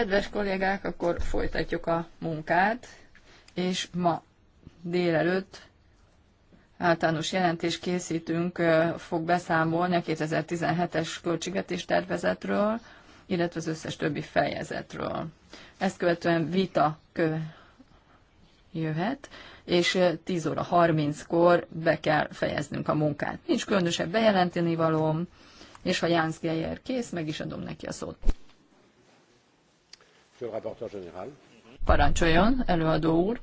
Kedves kollégák, akkor folytatjuk a munkát, és ma délelőtt általános jelentés készítünk, fog beszámolni a 2017-es költségvetés tervezetről, illetve az összes többi fejezetről. Ezt követően vita kö jöhet, és 10 óra 30-kor be kell fejeznünk a munkát. Nincs különösebb bejelenteni valóm, és ha Jánz Geyer kész, meg is adom neki a szót. Parancsoljon, előadó úr!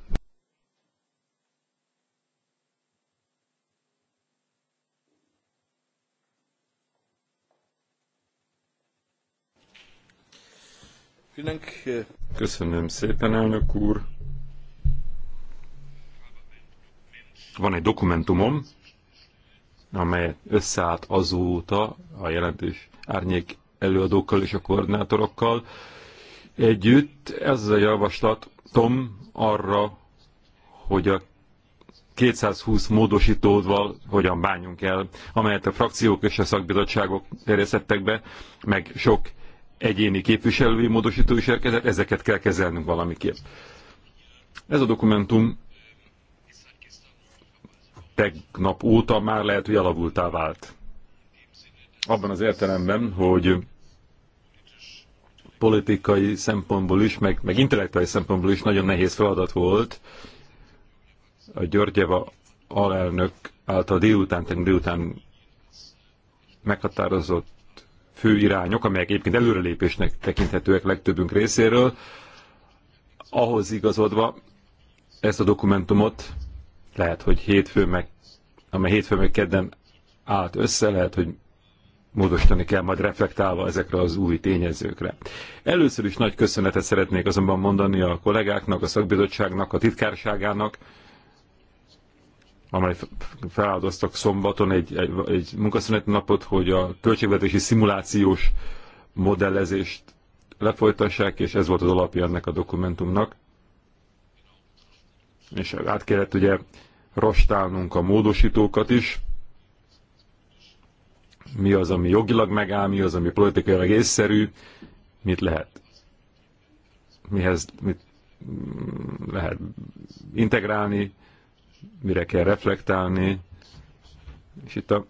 Eh. Köszönöm szépen, elnök úr. Van egy dokumentumom, amely összeállt azóta a jelentős árnyék előadókkal és a koordinátorokkal együtt. Ez a javaslat Tom arra, hogy a 220 módosítóval hogyan bánjunk el, amelyet a frakciók és a szakbizottságok terjesztettek be, meg sok egyéni képviselői módosító is érkezett, ezeket kell kezelnünk valamiképp. Ez a dokumentum tegnap óta már lehet, hogy alavultá vált. Abban az értelemben, hogy politikai szempontból is, meg, meg intellektuális szempontból is nagyon nehéz feladat volt a Györgyeva alelnök által délután, tegnap délután meghatározott fő irányok, amelyek egyébként előrelépésnek tekinthetőek legtöbbünk részéről, ahhoz igazodva ezt a dokumentumot lehet, hogy hétfő meg, ami hétfő meg kedden állt össze, lehet, hogy módosítani kell majd reflektálva ezekre az új tényezőkre. Először is nagy köszönetet szeretnék azonban mondani a kollégáknak, a szakbizottságnak, a titkárságának, amely feláldoztak szombaton egy, egy, egy munkaszünet napot, hogy a költségvetési szimulációs modellezést lefolytassák, és ez volt az alapja ennek a dokumentumnak. És hát át kellett ugye rostálnunk a módosítókat is, mi az, ami jogilag megáll, mi az, ami politikailag észszerű, mit lehet, mihez mit mm, lehet integrálni, mire kell reflektálni, és itt a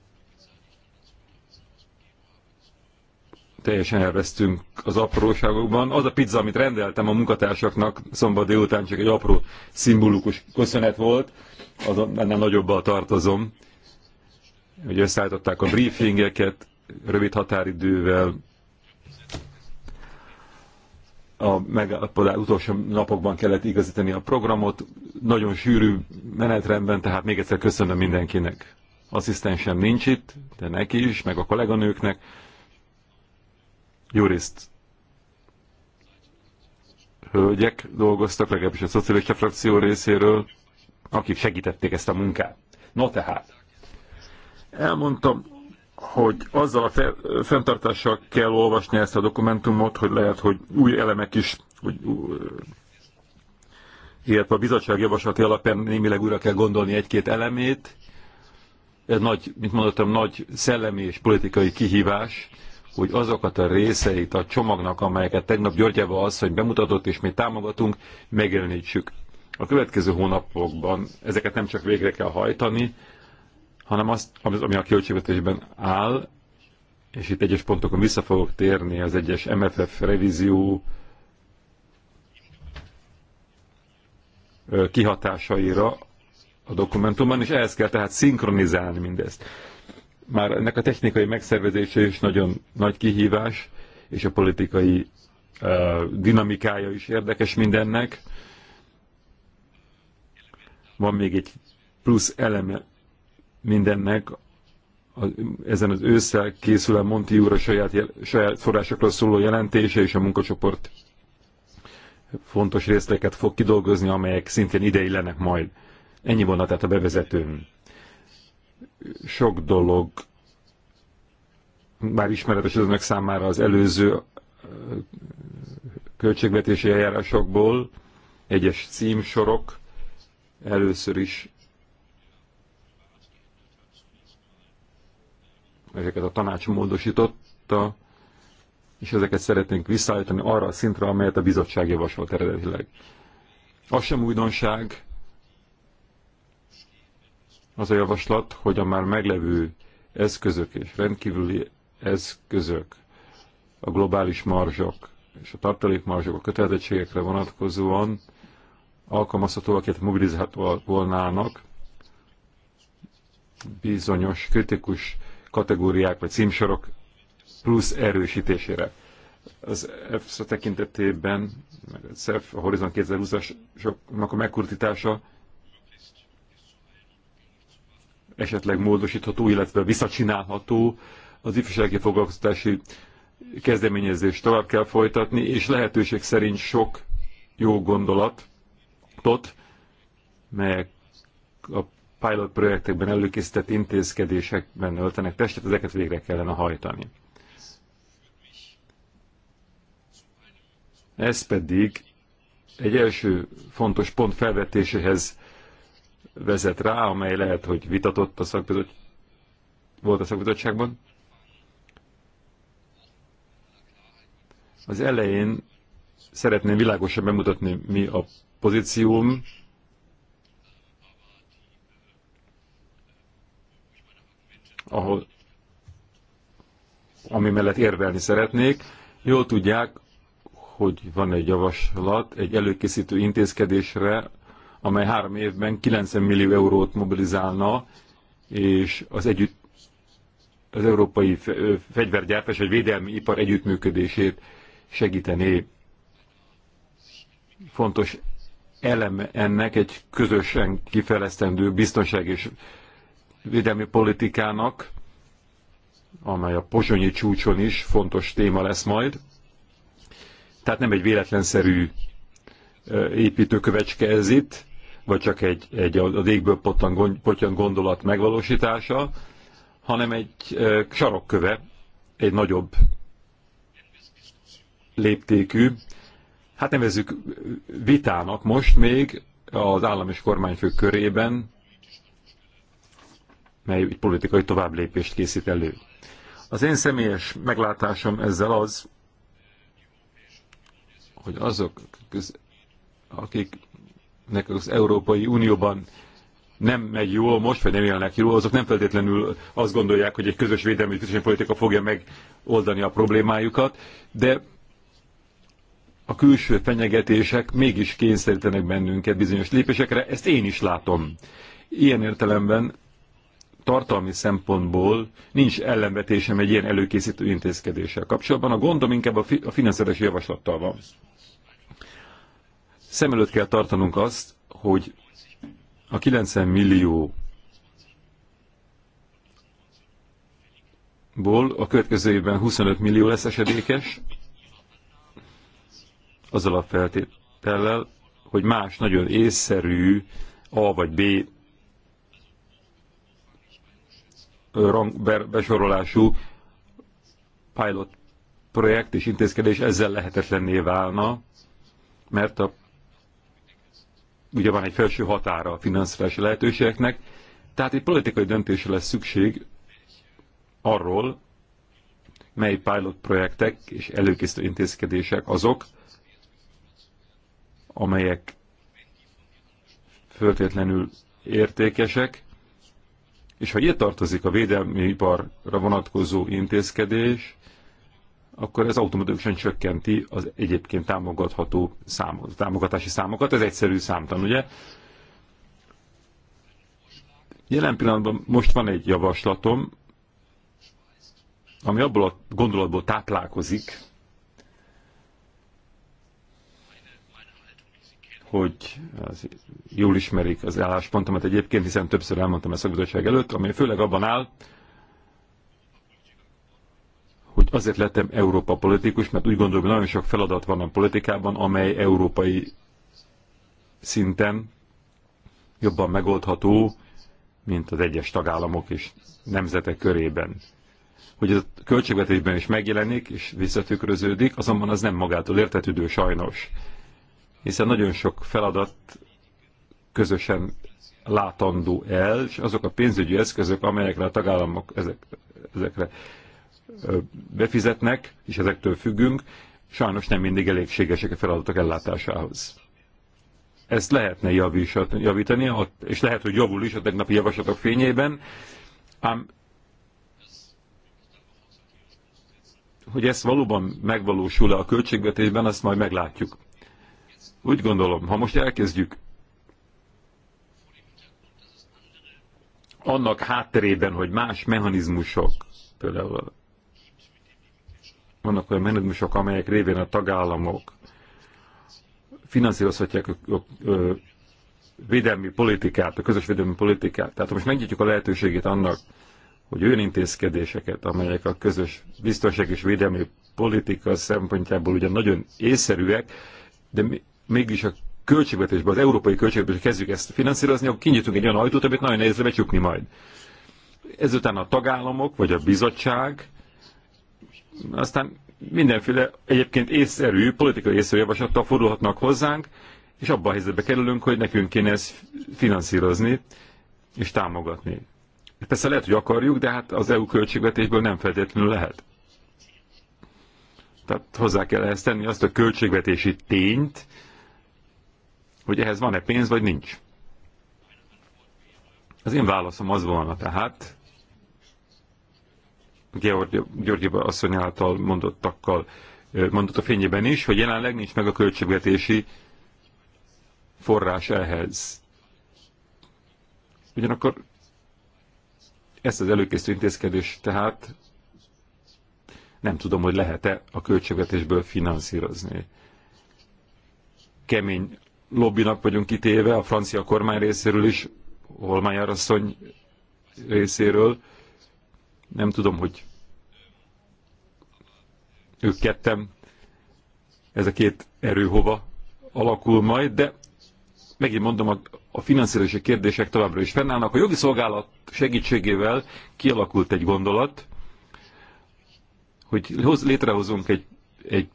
teljesen elvesztünk az apróságokban. Az a pizza, amit rendeltem a munkatársaknak szombat délután, csak egy apró szimbolikus köszönet volt, az ennél nagyobbal tartozom. Ugye összeállították a briefingeket rövid határidővel, a megállapodás utolsó napokban kellett igazítani a programot, nagyon sűrű menetrendben, tehát még egyszer köszönöm mindenkinek. Asszisztensem nincs itt, de neki is, meg a kolléganőknek juriszt hölgyek dolgoztak, legalábbis a szocialista frakció részéről, akik segítették ezt a munkát. No tehát, elmondtam, hogy azzal a fenntartással kell olvasni ezt a dokumentumot, hogy lehet, hogy új elemek is, hogy, illetve a bizottság javaslati alapján némileg újra kell gondolni egy-két elemét. Ez nagy, mint mondottam, nagy szellemi és politikai kihívás, hogy azokat a részeit a csomagnak, amelyeket tegnap Györgyeva az, hogy bemutatott és mi támogatunk, megjelenítsük. A következő hónapokban ezeket nem csak végre kell hajtani, hanem azt, ami a költségvetésben áll, és itt egyes pontokon vissza fogok térni az egyes MFF revízió kihatásaira a dokumentumban, és ehhez kell tehát szinkronizálni mindezt már ennek a technikai megszervezése is nagyon nagy kihívás, és a politikai uh, dinamikája is érdekes mindennek. Van még egy plusz eleme mindennek, a, ezen az ősszel készül a Monti úr a saját, saját forrásokról szóló jelentése, és a munkacsoport fontos részleket fog kidolgozni, amelyek szintén ideillenek majd. Ennyi volna tehát a bevezetőn sok dolog már ismeretes az önök számára az előző költségvetési eljárásokból, egyes címsorok először is ezeket a tanács módosította, és ezeket szeretnénk visszaállítani arra a szintre, amelyet a bizottság javasolt eredetileg. Az sem újdonság, az a javaslat, hogy a már meglevő eszközök és rendkívüli eszközök, a globális marzsok és a tartalékmarzsok a kötelezettségekre vonatkozóan alkalmazhatóak, illetve mobilizálhatóak volnának bizonyos kritikus kategóriák vagy címsorok plusz erősítésére. Az EFSA tekintetében, meg a CEF, a Horizon 2020-asoknak a megkurtítása esetleg módosítható, illetve visszacsinálható. Az ifjúsági foglalkoztatási kezdeményezést tovább kell folytatni, és lehetőség szerint sok jó gondolatot, melyek a pilot projektekben előkészített intézkedésekben öltenek testet, ezeket végre kellene hajtani. Ez pedig egy első fontos pont felvetéséhez vezet rá, amely lehet, hogy vitatott a szakbizottságban. volt a szakbizottságban. Az elején szeretném világosan bemutatni, mi a pozícióm, ahol, ami mellett érvelni szeretnék. Jól tudják, hogy van egy javaslat egy előkészítő intézkedésre amely három évben 90 millió eurót mobilizálna, és az együtt az európai fegyvergyártás vagy védelmi ipar együttműködését segítené. Fontos elem ennek egy közösen kifejlesztendő biztonság és védelmi politikának, amely a pozsonyi csúcson is fontos téma lesz majd. Tehát nem egy véletlenszerű építőkövecske ez itt, vagy csak egy, egy a égből potyan, gondolat megvalósítása, hanem egy sarokköve, egy nagyobb léptékű, hát nevezzük vitának most még az állam és kormányfők körében, mely politikai továbblépést készít elő. Az én személyes meglátásom ezzel az, hogy azok, akik akiknek az Európai Unióban nem megy jól most, vagy nem élnek jól, azok nem feltétlenül azt gondolják, hogy egy közös védelmi és biztonsági politika fogja megoldani a problémájukat, de a külső fenyegetések mégis kényszerítenek bennünket bizonyos lépésekre, ezt én is látom. Ilyen értelemben tartalmi szempontból nincs ellenvetésem egy ilyen előkészítő intézkedéssel kapcsolatban. A gondom inkább a, fi- a finanszírozási javaslattal van. Szem előtt kell tartanunk azt, hogy a 90 millió ból a következő évben 25 millió lesz esedékes, azzal a feltétellel, hogy más nagyon észszerű A vagy B besorolású pilot projekt és intézkedés ezzel lehetetlenné válna, mert a ugye van egy felső határa a finanszírozási lehetőségeknek, tehát egy politikai döntésre lesz szükség arról, mely pilot projektek és előkészítő intézkedések azok, amelyek föltétlenül értékesek, és ha ide tartozik a védelmi iparra vonatkozó intézkedés, akkor ez automatikusan csökkenti az egyébként támogatható számot, támogatási számokat. Ez egyszerű számtan, ugye? Jelen pillanatban most van egy javaslatom, ami abból a gondolatból táplálkozik, hogy az, jól ismerik az álláspontomat egyébként, hiszen többször elmondtam ezt a bizottság előtt, ami főleg abban áll, hogy azért lettem Európa politikus, mert úgy gondolom, hogy nagyon sok feladat van a politikában, amely európai szinten jobban megoldható, mint az egyes tagállamok és nemzetek körében. Hogy ez a költségvetésben is megjelenik és visszatükröződik, azonban az nem magától értetődő sajnos. Hiszen nagyon sok feladat közösen látandó el, és azok a pénzügyi eszközök, amelyekre a tagállamok ezek, ezekre befizetnek, és ezektől függünk, sajnos nem mindig elégségesek a feladatok ellátásához. Ezt lehetne javítani, és lehet, hogy javul is a tegnapi javaslatok fényében, ám hogy ez valóban megvalósul-e a költségvetésben, azt majd meglátjuk. Úgy gondolom, ha most elkezdjük annak hátterében, hogy más mechanizmusok, például vannak olyan mechanizmusok, amelyek révén a tagállamok finanszírozhatják a, a, a védelmi politikát, a közös védelmi politikát. Tehát most megnyitjuk a lehetőségét annak, hogy olyan intézkedéseket, amelyek a közös biztonság és védelmi politika szempontjából ugyan nagyon észszerűek, de mégis a költségvetésben, az európai költségvetésben kezdjük ezt finanszírozni, akkor kinyitunk egy olyan ajtót, amit nagyon nehéz becsukni majd. Ezután a tagállamok vagy a bizottság aztán mindenféle egyébként észszerű, politikai észszerű javaslattal fordulhatnak hozzánk, és abban a helyzetbe kerülünk, hogy nekünk kéne ezt finanszírozni és támogatni. Persze lehet, hogy akarjuk, de hát az EU költségvetésből nem feltétlenül lehet. Tehát hozzá kell ehhez tenni azt a költségvetési tényt, hogy ehhez van-e pénz, vagy nincs. Az én válaszom az volna tehát, Györgyöba asszony által mondottakkal mondott a fényében is, hogy jelenleg nincs meg a költségvetési forrás ehhez. Ugyanakkor ezt az előkészítő intézkedést tehát nem tudom, hogy lehet-e a költségvetésből finanszírozni. Kemény lobbynak vagyunk kitéve a francia kormány részéről is, Holmány asszony részéről, nem tudom, hogy ők kettem, ez a két erő hova alakul majd, de megint mondom, a, a finanszírozási kérdések továbbra is fennállnak. A jogi szolgálat segítségével kialakult egy gondolat, hogy hoz, létrehozunk egy, egy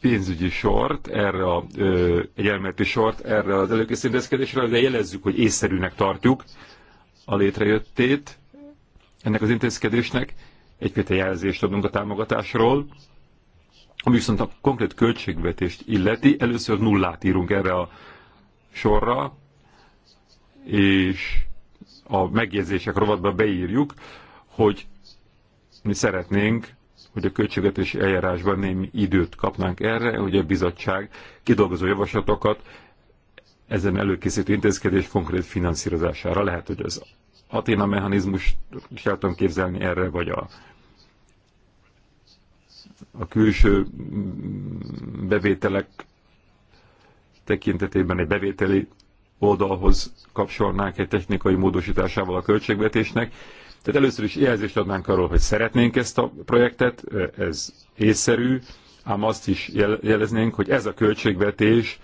pénzügyi sort, erre a, ö, egy elméleti sort erre az előkészítésre, de jelezzük, hogy észszerűnek tartjuk a létrejöttét, ennek az intézkedésnek, egyfajta jelzést adunk a támogatásról, ami viszont a konkrét költségvetést illeti, először nullát írunk erre a sorra, és a megjegyzések rovatba beírjuk, hogy mi szeretnénk, hogy a költségvetési eljárásban némi időt kapnánk erre, hogy a bizottság kidolgozó javaslatokat ezen előkészítő intézkedés konkrét finanszírozására lehet, hogy az Aténa mechanizmus el tudom képzelni erre, vagy a, a külső bevételek tekintetében egy bevételi oldalhoz kapcsolnánk egy technikai módosításával a költségvetésnek. Tehát először is jelzést adnánk arról, hogy szeretnénk ezt a projektet, ez észszerű, ám azt is jeleznénk, hogy ez a költségvetés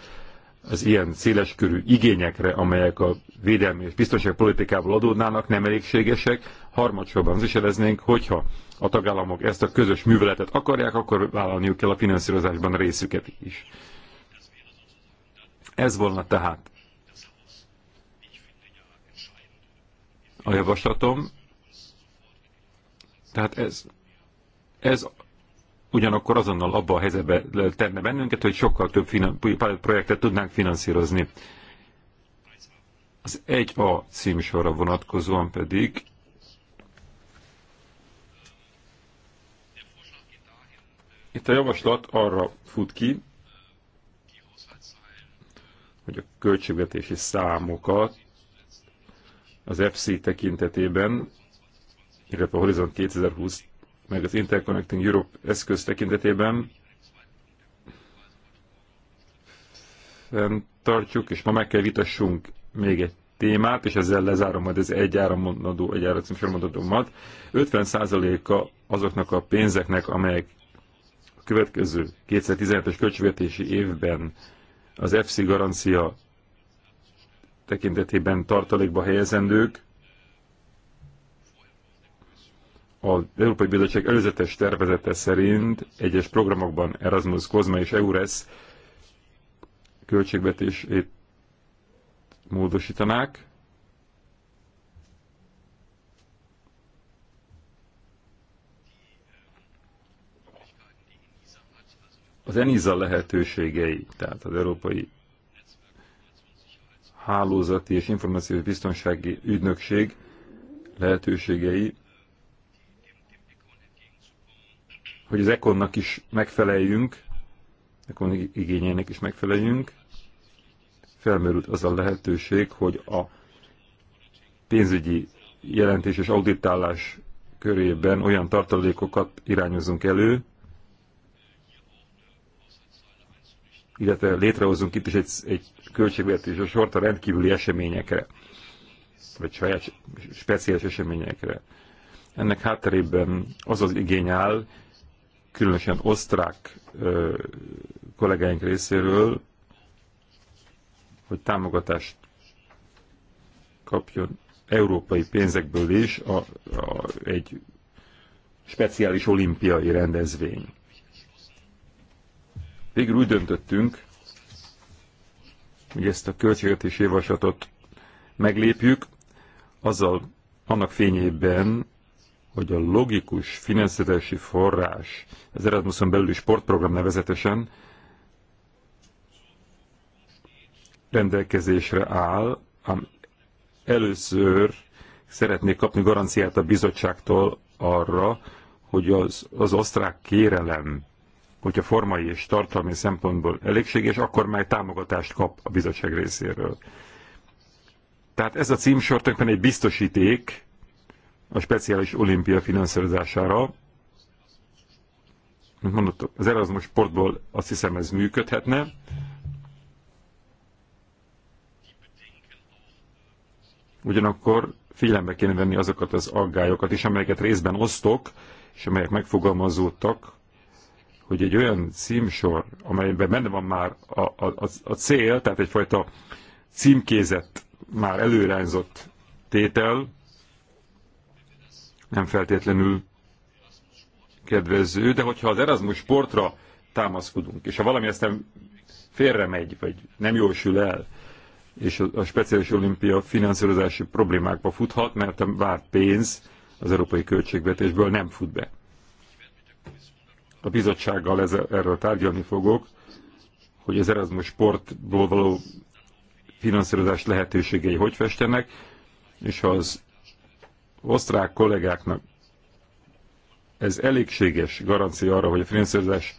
az ilyen széleskörű igényekre, amelyek a védelmi és biztonságpolitikából adódnának, nem elégségesek. Harmadsorban az is eleznénk, hogyha a tagállamok ezt a közös műveletet akarják, akkor vállalniuk kell a finanszírozásban a részüket is. Ez volna tehát a javaslatom. Tehát ez, ez ugyanakkor azonnal abba a helyzetbe tenne bennünket, hogy sokkal több projektet tudnánk finanszírozni. Az 1A címsorra vonatkozóan pedig Itt a javaslat arra fut ki, hogy a költségvetési számokat az FC tekintetében, illetve a Horizont 2020 meg az Interconnecting Europe eszköz tekintetében tartjuk, és ma meg kell vitassunk még egy témát, és ezzel lezárom majd ez egy áramondadó, egy áramondadómat. 50%-a azoknak a pénzeknek, amelyek a következő 2017-es költségvetési évben az EFSI garancia tekintetében tartalékba helyezendők, az Európai Bizottság előzetes tervezete szerint egyes programokban Erasmus, Kozma és EURES költségvetését módosítanák. Az ENISA lehetőségei, tehát az Európai Hálózati és Információs Biztonsági Ügynökség lehetőségei hogy az ekonnak is megfeleljünk, ekon igényeinek is megfeleljünk, felmerült az a lehetőség, hogy a pénzügyi jelentés és auditálás körében olyan tartalékokat irányozunk elő, illetve létrehozunk itt is egy, egy költségvetés sort a rendkívüli eseményekre, vagy saját speciális eseményekre. Ennek hátterében az az igény áll, különösen osztrák ö, kollégáink részéről, hogy támogatást kapjon európai pénzekből is a, a, egy speciális olimpiai rendezvény. Végül úgy döntöttünk, hogy ezt a költségvetés javaslatot meglépjük, azzal annak fényében, hogy a logikus finanszírozási forrás az Erasmuson belüli sportprogram nevezetesen rendelkezésre áll, ám először szeretnék kapni garanciát a bizottságtól arra, hogy az, az osztrák kérelem, hogyha formai és tartalmi szempontból elégséges, akkor már támogatást kap a bizottság részéről. Tehát ez a címsor tulajdonképpen egy biztosíték, a speciális olimpia finanszírozására. Mint mondottam, az Erasmus sportból azt hiszem ez működhetne. Ugyanakkor figyelembe kéne venni azokat az aggályokat is, amelyeket részben osztok, és amelyek megfogalmazódtak, hogy egy olyan címsor, amelyben benne van már a, a, a, a cél, tehát egyfajta címkézett, már előrányzott tétel, nem feltétlenül kedvező, de hogyha az Erasmus sportra támaszkodunk, és ha valami aztán félre megy, vagy nem jósül el, és a, a speciális olimpia finanszírozási problémákba futhat, mert a várt pénz az európai költségvetésből nem fut be. A bizottsággal ez, erről tárgyalni fogok, hogy az Erasmus sportból való finanszírozás lehetőségei hogy festenek, és ha az osztrák kollégáknak ez elégséges garancia arra, hogy a finanszírozás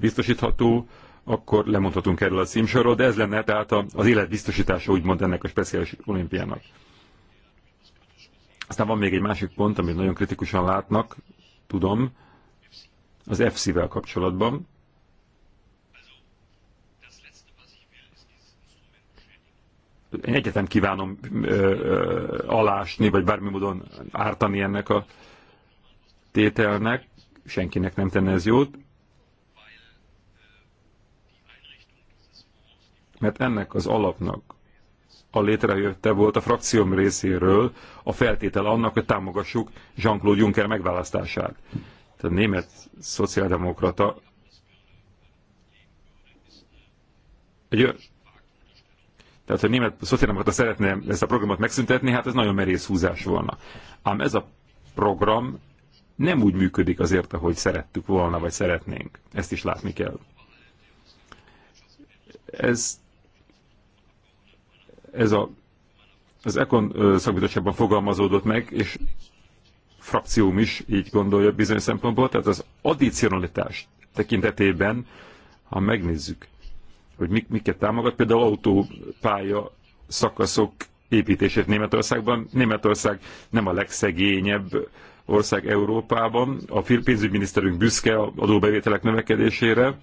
biztosítható, akkor lemondhatunk erről a címsorról, de ez lenne tehát az életbiztosítása úgymond ennek a speciális olimpiának. Aztán van még egy másik pont, amit nagyon kritikusan látnak, tudom, az FC-vel kapcsolatban. én egyetem kívánom ö, ö, alásni, vagy bármi módon ártani ennek a tételnek, senkinek nem tenne ez jót, mert ennek az alapnak a létrejötte volt a frakcióm részéről a feltétel annak, hogy támogassuk Jean-Claude Juncker megválasztását. Tehát a német szociáldemokrata egy tehát, hogy német szociáldemokrata szeretne ezt a programot megszüntetni, hát ez nagyon merész húzás volna. Ám ez a program nem úgy működik azért, ahogy szerettük volna, vagy szeretnénk. Ezt is látni kell. Ez, ez a, az Econ szakbizottságban fogalmazódott meg, és frakcióm is így gondolja bizonyos szempontból, tehát az addicionalitás tekintetében, ha megnézzük, hogy mik, miket támogat, például autópálya szakaszok építését Németországban. Németország nem a legszegényebb ország Európában. A pénzügyminiszterünk büszke adóbevételek növekedésére.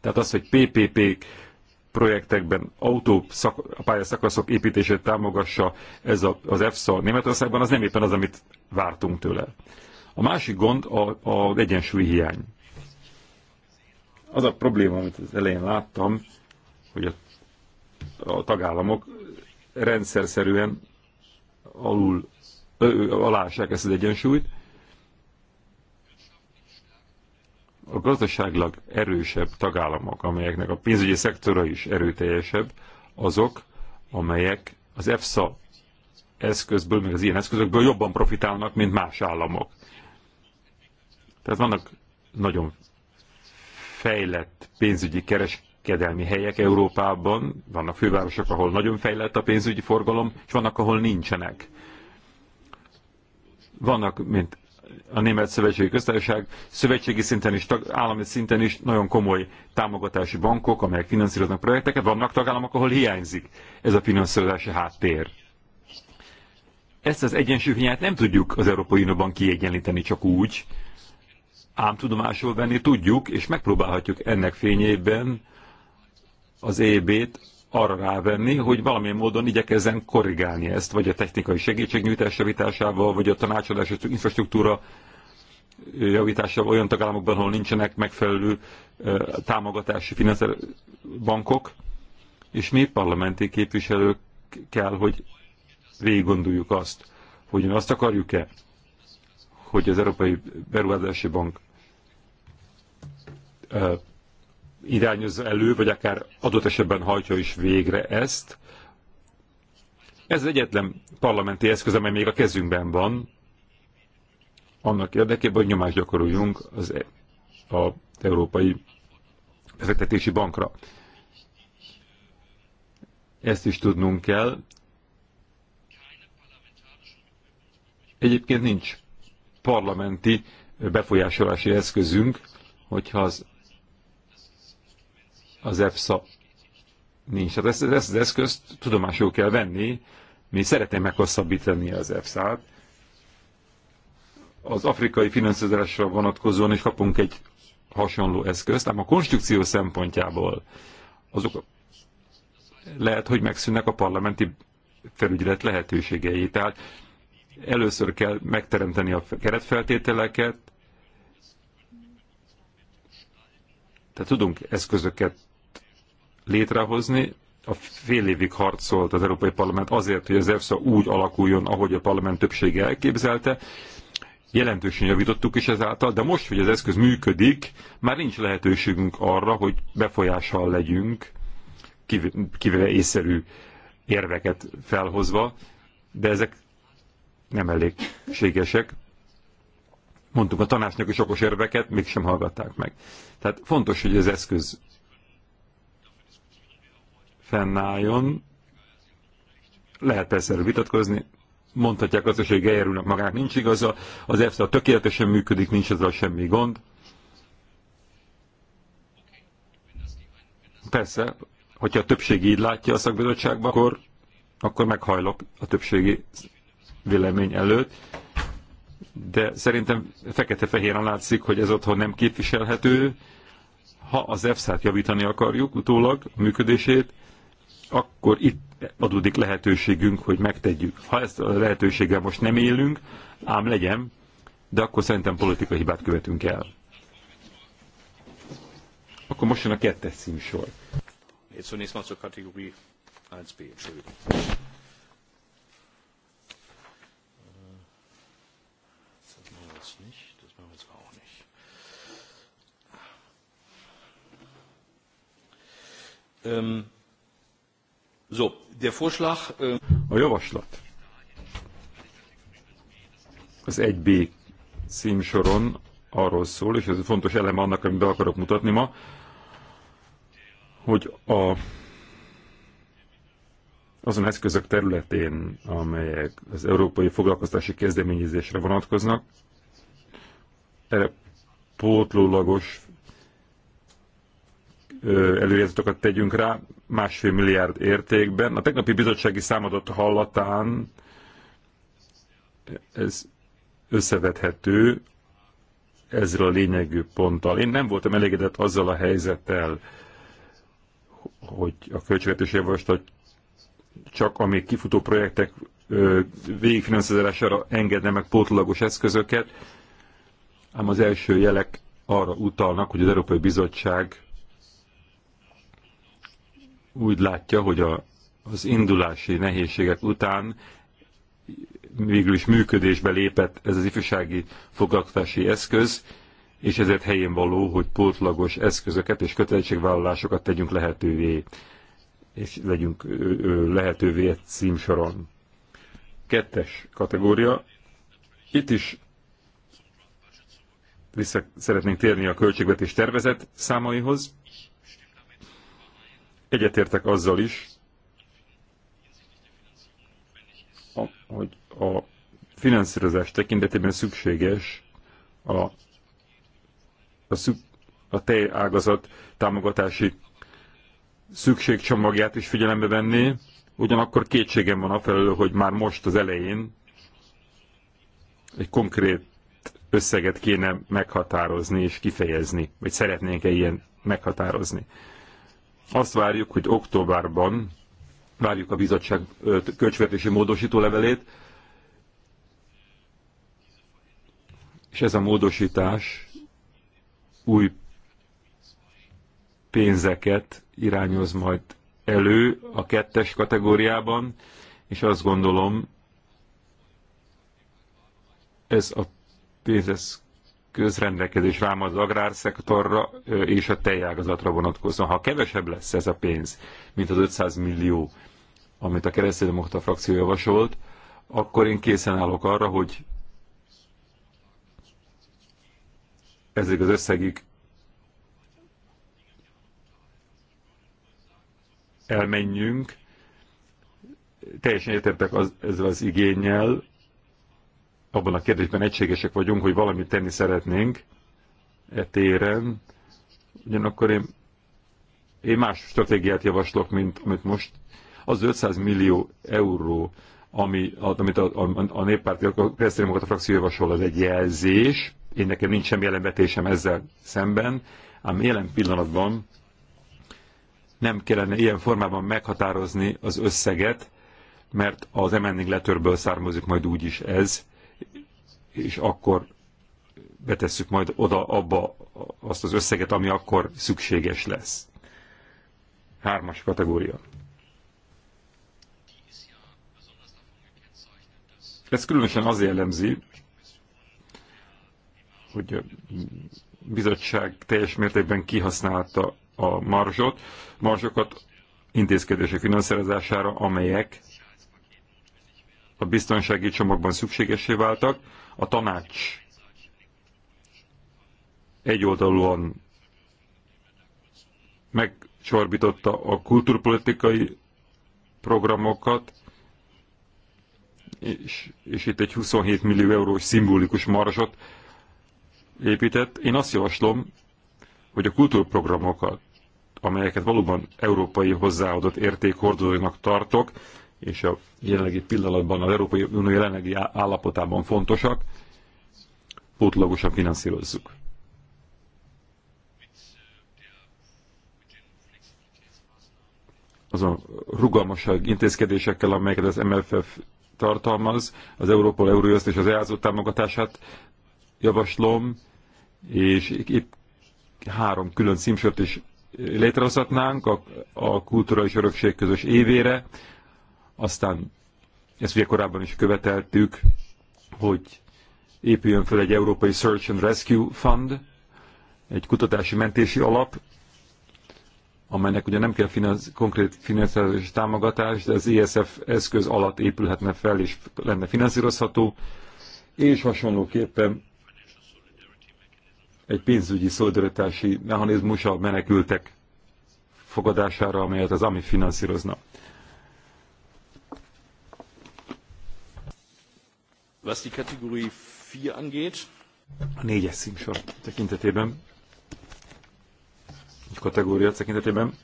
Tehát az, hogy PPP projektekben autópályaszakaszok építését támogassa ez a, az EFSA Németországban, az nem éppen az, amit vártunk tőle. A másik gond az hiány. Az a probléma, amit az elején láttam, hogy a, a tagállamok rendszer szerűen alul alássák ezt az egyensúlyt. A gazdaságlag erősebb tagállamok, amelyeknek a pénzügyi szektora is erőteljesebb, azok, amelyek az EFSA eszközből, meg az ilyen eszközökből jobban profitálnak, mint más államok. Tehát vannak nagyon fejlett pénzügyi kereskedelmi helyek Európában, vannak fővárosok, ahol nagyon fejlett a pénzügyi forgalom, és vannak, ahol nincsenek. Vannak, mint a Német Szövetségi Köztársaság szövetségi szinten is, tag, állami szinten is nagyon komoly támogatási bankok, amelyek finanszíroznak projekteket, vannak tagállamok, ahol hiányzik ez a finanszírozási háttér. Ezt az egyensúlyhiányát nem tudjuk az Európai Unióban kiegyenlíteni csak úgy, ám tudomásul venni tudjuk, és megpróbálhatjuk ennek fényében az EB-t arra rávenni, hogy valamilyen módon igyekezzen korrigálni ezt, vagy a technikai segítségnyújtás javításával, vagy a tanácsadás infrastruktúra javításával olyan tagállamokban, ahol nincsenek megfelelő eh, támogatási finanszer bankok, és mi parlamenti képviselők kell, hogy végig gondoljuk azt, hogy mi azt akarjuk-e, hogy az Európai Beruházási Bank irányozza elő, vagy akár adott esetben hajtja is végre ezt. Ez egyetlen parlamenti eszköz, amely még a kezünkben van, annak érdekében, hogy nyomást gyakoroljunk az e a Európai Befektetési Bankra. Ezt is tudnunk kell. Egyébként nincs parlamenti befolyásolási eszközünk, hogyha az, az EFSA nincs. Hát ezt, ezt az eszközt tudomásul kell venni, mi szeretném meghosszabbítani az EFSA-t. Az afrikai finanszírozásra vonatkozóan is kapunk egy hasonló eszközt, ám a konstrukció szempontjából azok lehet, hogy megszűnnek a parlamenti felügyelet lehetőségei. Tehát Először kell megteremteni a keretfeltételeket, tehát tudunk eszközöket létrehozni. A fél évig harcolt az Európai Parlament azért, hogy az EFSA úgy alakuljon, ahogy a parlament többsége elképzelte, jelentősen javítottuk is ezáltal, de most, hogy az eszköz működik, már nincs lehetőségünk arra, hogy befolyással legyünk, kivéve észszerű érveket felhozva, de ezek nem elégségesek. Mondtuk a tanácsnak is okos érveket, mégsem hallgatták meg. Tehát fontos, hogy az eszköz fennálljon. Lehet persze vitatkozni, mondhatják azt is, hogy Geyer úrnak magának nincs igaza, az EFSA tökéletesen működik, nincs ezzel semmi gond. Persze, hogyha a többség így látja a szakbizottságban, akkor, akkor meghajlok a többségi vélemény előtt, de szerintem fekete-fehéren látszik, hogy ez otthon nem képviselhető. Ha az efsz t javítani akarjuk utólag a működését, akkor itt adódik lehetőségünk, hogy megtegyük. Ha ezt a lehetőséggel most nem élünk, ám legyen, de akkor szerintem politikai hibát követünk el. Akkor most jön a kettes színsor. Jetzt szó mal zur Kategorie 1b, das war auch nicht. Ähm, so, der Vorschlag... Ähm a javaslat az 1B címsoron arról szól, és ez egy fontos elem annak, amit be akarok mutatni ma, hogy a, azon eszközök területén, amelyek az európai foglalkoztási kezdeményezésre vonatkoznak, erre pótlólagos előjelzetokat tegyünk rá, másfél milliárd értékben. A tegnapi bizottsági számadat hallatán ez összevethető ezzel a lényegű ponttal. Én nem voltam elégedett azzal a helyzettel, hogy a költségvetési javaslat csak ami kifutó projektek végigfinanszírozására engedne meg pótlagos eszközöket, ám az első jelek arra utalnak, hogy az Európai Bizottság úgy látja, hogy a, az indulási nehézségek után végül is működésbe lépett ez az ifjúsági foglalkozási eszköz, és ezért helyén való, hogy pótlagos eszközöket és kötelezettségvállalásokat tegyünk lehetővé, és legyünk lehetővé egy címsoron. Kettes kategória. Itt is vissza szeretnénk térni a költségvetés tervezet számaihoz. Egyetértek azzal is, hogy a finanszírozás tekintetében szükséges a, a, szük, a ágazat támogatási szükségcsomagját is figyelembe venni, ugyanakkor kétségem van felől, hogy már most az elején egy konkrét összeget kéne meghatározni és kifejezni, vagy szeretnénk-e ilyen meghatározni. Azt várjuk, hogy októberben várjuk a bizottság költségvetési módosító levelét, és ez a módosítás új pénzeket irányoz majd elő a kettes kategóriában, és azt gondolom, ez a pénzeszköz rendelkezésre áll az agrárszektorra és a tejágazatra vonatkozóan. Ha kevesebb lesz ez a pénz, mint az 500 millió, amit a kereszténydemokrata frakció javasolt, akkor én készen állok arra, hogy ezek az összegig elmenjünk. Teljesen értettek az, ezzel az igényel, abban a kérdésben egységesek vagyunk, hogy valamit tenni szeretnénk e téren, ugyanakkor én, én más stratégiát javaslok, mint amit most. Az 500 millió euró, ami, amit a, a, a néppárti a a frakció javasol, az egy jelzés. Én nekem nincs semmi jelenvetésem ezzel szemben, ám jelen pillanatban nem kellene ilyen formában meghatározni az összeget, mert az emending letörből származik majd úgyis ez, és akkor betesszük majd oda abba azt az összeget, ami akkor szükséges lesz. Hármas kategória. Ez különösen az jellemzi, hogy a bizottság teljes mértékben kihasználta a marzsot, marzsokat intézkedések finanszírozására, amelyek a biztonsági csomagban szükségesé váltak, a tanács egyoldalúan megcsorbította a kulturpolitikai programokat, és, és itt egy 27 millió eurós szimbolikus marzsot épített. Én azt javaslom, hogy a kultúrprogramokat, amelyeket valóban európai hozzáadott értékhordozóinak tartok, és a jelenlegi pillanatban az Európai Unió jelenlegi állapotában fontosak, pótlagosan finanszírozzuk. Azon rugalmasság intézkedésekkel, amelyeket az MFF tartalmaz, az Európol, Eurojust és az EASO támogatását javaslom, és itt három külön címsort is létrehozhatnánk a, a kulturális örökség közös évére, aztán ezt ugye korábban is követeltük, hogy épüljön fel egy Európai Search and Rescue Fund, egy kutatási mentési alap, amelynek ugye nem kell finansz, konkrét finanszírozási támogatás, de az ESF eszköz alatt épülhetne fel és lenne finanszírozható, és hasonlóképpen egy pénzügyi szolidaritási mechanizmus a menekültek fogadására, amelyet az AMI finanszírozna. Was die Kategorie 4 angeht. A négyes színsor tekintetében, a kategória tekintetében,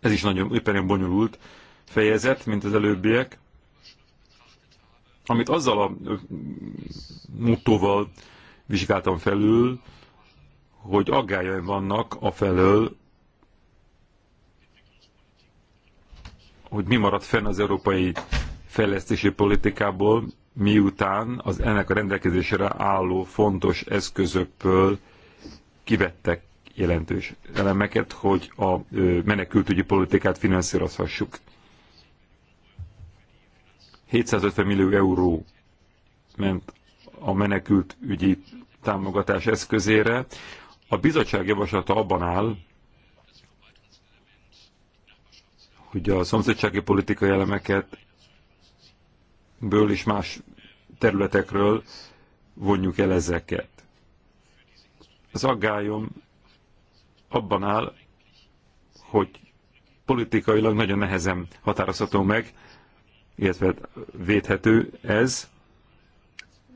ez is nagyon éppen olyan bonyolult fejezet, mint az előbbiek, amit azzal a mutóval vizsgáltam felül, hogy aggályai vannak a felől, hogy mi maradt fenn az európai fejlesztési politikából, miután az ennek a rendelkezésre álló fontos eszközökből kivettek jelentős elemeket, hogy a menekültügyi politikát finanszírozhassuk. 750 millió euró ment a menekültügyi támogatás eszközére. A bizottság javaslata abban áll, hogy a szomszédsági politikai elemeket ből és más területekről vonjuk el ezeket. Az aggályom abban áll, hogy politikailag nagyon nehezen határozható meg, illetve védhető ez,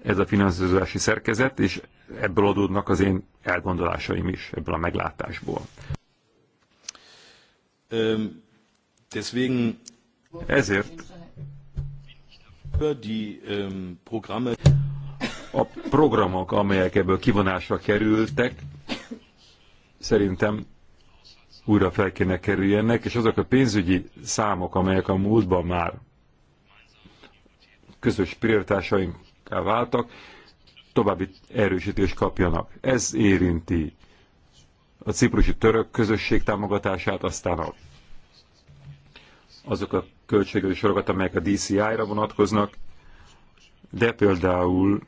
ez a finanszírozási szerkezet, és ebből adódnak az én elgondolásaim is, ebből a meglátásból. Ezért Ähm, a programok, amelyek ebből kivonásra kerültek, szerintem újra fel kéne kerüljenek, és azok a pénzügyi számok, amelyek a múltban már közös prioritásainká váltak, további erősítést kapjanak. Ez érinti a ciprusi török közösség támogatását, aztán a azok a költségvetési sorokat, amelyek a DCI-ra vonatkoznak, de például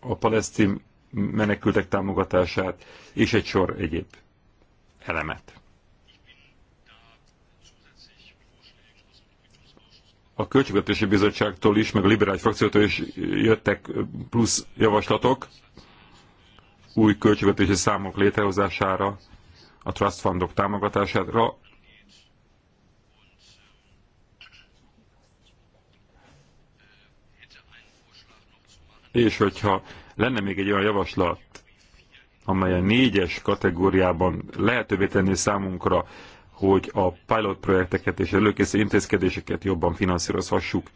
a palesztin menekültek támogatását és egy sor egyéb elemet. A Költségvetési Bizottságtól is, meg a Liberális Frakciótól is jöttek plusz javaslatok új költségvetési számok létrehozására, a trust fundok támogatására, és hogyha lenne még egy olyan javaslat, amely a négyes kategóriában lehetővé tenni számunkra, hogy a pilot projekteket és előkészítő intézkedéseket jobban finanszírozhassuk.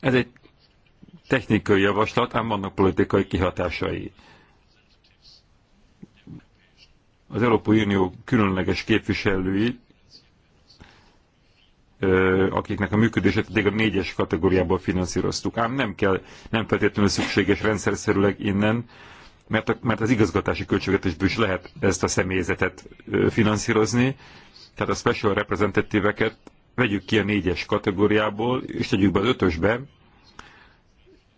Ez egy technikai javaslat, ám vannak politikai kihatásai. Az Európai Unió különleges képviselői akiknek a működését eddig a négyes kategóriából finanszíroztuk. Ám nem kell, nem feltétlenül szükséges rendszerszerűleg innen, mert, a, mert az igazgatási költségvetésből is lehet ezt a személyzetet finanszírozni, tehát a special representatíveket vegyük ki a négyes kategóriából, és tegyük be az ötösbe.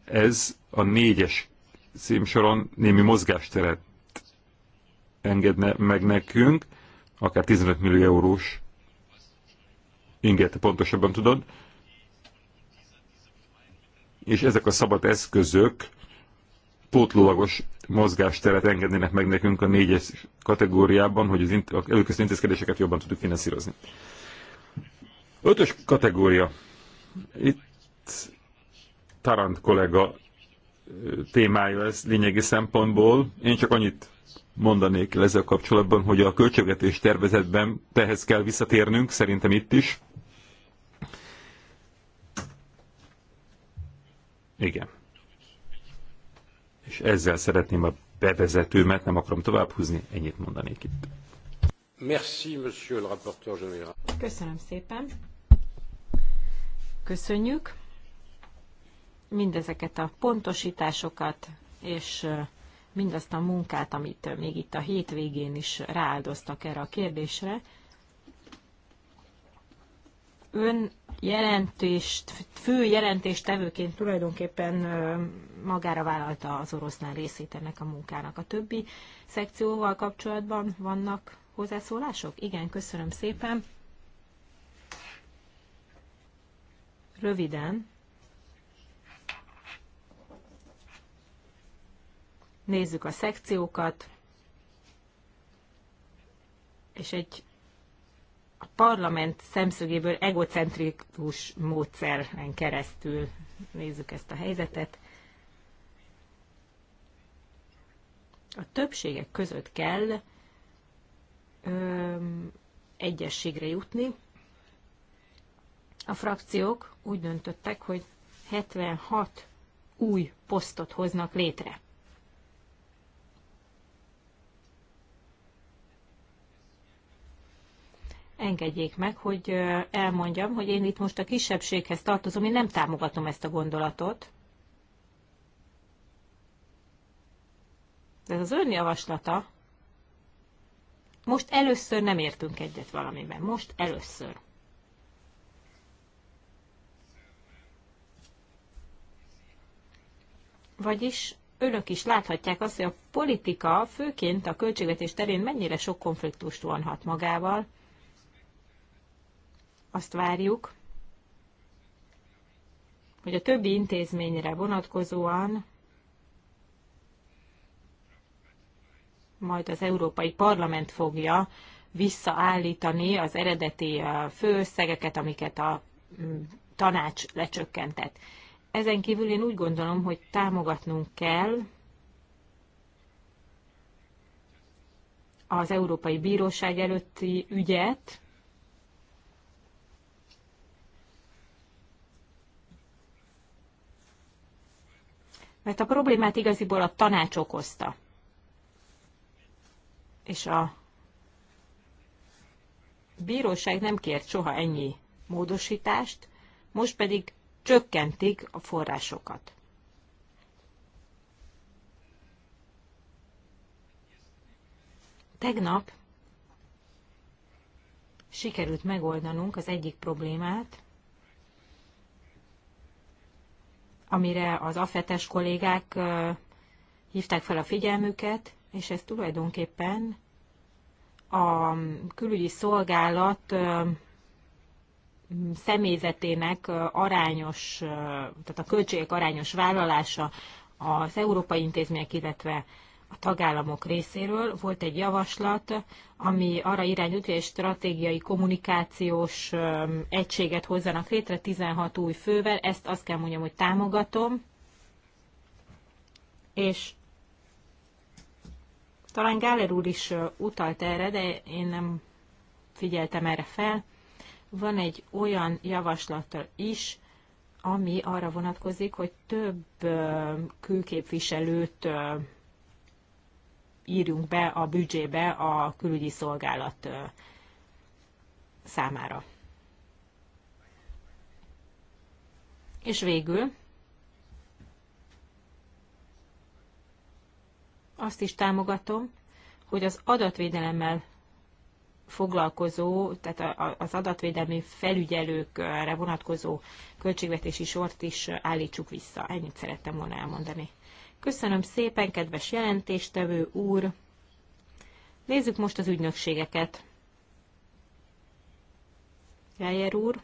Ez a négyes címsoron némi mozgásteret engedne meg nekünk, akár 15 millió eurós Inge, te pontosabban tudod. És ezek a szabad eszközök pótlólagos mozgásteret engednének meg nekünk a négyes kategóriában, hogy az előkészítő intézkedéseket jobban tudjuk finanszírozni. Ötös kategória. Itt Tarant kollega témája ez lényegi szempontból. Én csak annyit mondanék el ezzel kapcsolatban, hogy a költségvetés tervezetben tehez kell visszatérnünk, szerintem itt is. Igen. És ezzel szeretném a bevezetőmet, nem akarom tovább húzni, ennyit mondanék itt. Merci, monsieur le rapporteur général. Köszönöm szépen. Köszönjük mindezeket a pontosításokat, és mindazt a munkát, amit még itt a hétvégén is rááldoztak erre a kérdésre. Ön jelentést, fő tevőként tulajdonképpen magára vállalta az orosznál részét ennek a munkának. A többi szekcióval kapcsolatban vannak hozzászólások? Igen, köszönöm szépen. Röviden, nézzük a szekciókat, és egy a parlament szemszögéből egocentrikus módszeren keresztül nézzük ezt a helyzetet. A többségek között kell ö, egyességre jutni. A frakciók úgy döntöttek, hogy 76 új posztot hoznak létre. engedjék meg, hogy elmondjam, hogy én itt most a kisebbséghez tartozom, én nem támogatom ezt a gondolatot. De ez az ön javaslata. Most először nem értünk egyet valamiben. Most először. Vagyis önök is láthatják azt, hogy a politika főként a költségvetés terén mennyire sok konfliktust vonhat magával, azt várjuk, hogy a többi intézményre vonatkozóan majd az Európai Parlament fogja visszaállítani az eredeti főösszegeket, amiket a tanács lecsökkentett. Ezen kívül én úgy gondolom, hogy támogatnunk kell az Európai Bíróság előtti ügyet, mert a problémát igaziból a tanács okozta. És a bíróság nem kért soha ennyi módosítást, most pedig csökkentik a forrásokat. Tegnap sikerült megoldanunk az egyik problémát, amire az afetes kollégák hívták fel a figyelmüket, és ez tulajdonképpen a külügyi szolgálat személyzetének arányos, tehát a költségek arányos vállalása az európai intézmények, illetve a tagállamok részéről. Volt egy javaslat, ami arra irányult, hogy egy stratégiai kommunikációs egységet hozzanak létre 16 új fővel. Ezt azt kell mondjam, hogy támogatom. És talán Gáler úr is utalt erre, de én nem figyeltem erre fel. Van egy olyan javaslat is, ami arra vonatkozik, hogy több külképviselőt írjunk be a büdzsébe a külügyi szolgálat számára. És végül azt is támogatom, hogy az adatvédelemmel foglalkozó, tehát az adatvédelmi felügyelőkre vonatkozó költségvetési sort is állítsuk vissza. Ennyit szerettem volna elmondani. Köszönöm szépen, kedves jelentéstevő úr! Nézzük most az ügynökségeket. Geyer úr.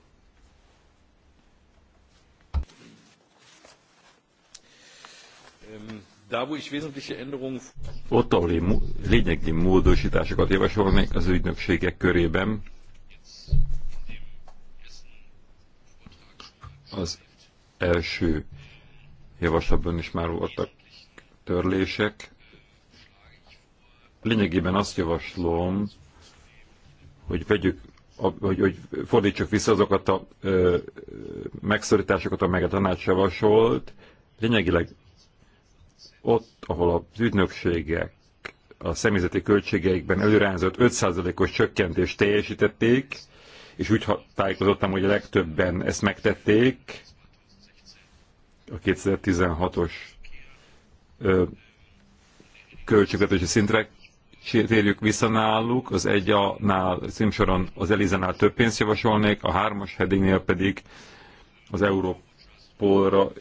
Ähm, Ott, ahol én lényegi módosításokat javasolnék az ügynökségek körében, az első javaslatban is már voltak törlések. Lényegében azt javaslom, hogy vegyük, hogy, hogy fordítsuk vissza azokat a ö, megszorításokat, amelyeket a tanács javasolt. Lényegileg ott, ahol az ügynökségek a személyzeti költségeikben előrehányzott 5%-os csökkentést teljesítették, és úgy tájékozottam, hogy a legtöbben ezt megtették a 2016-os költségvetési szintre térjük vissza náluk, az egy A-nál címsoron az Elizánál több pénzt javasolnék, a hármas headingnél pedig az Európolra,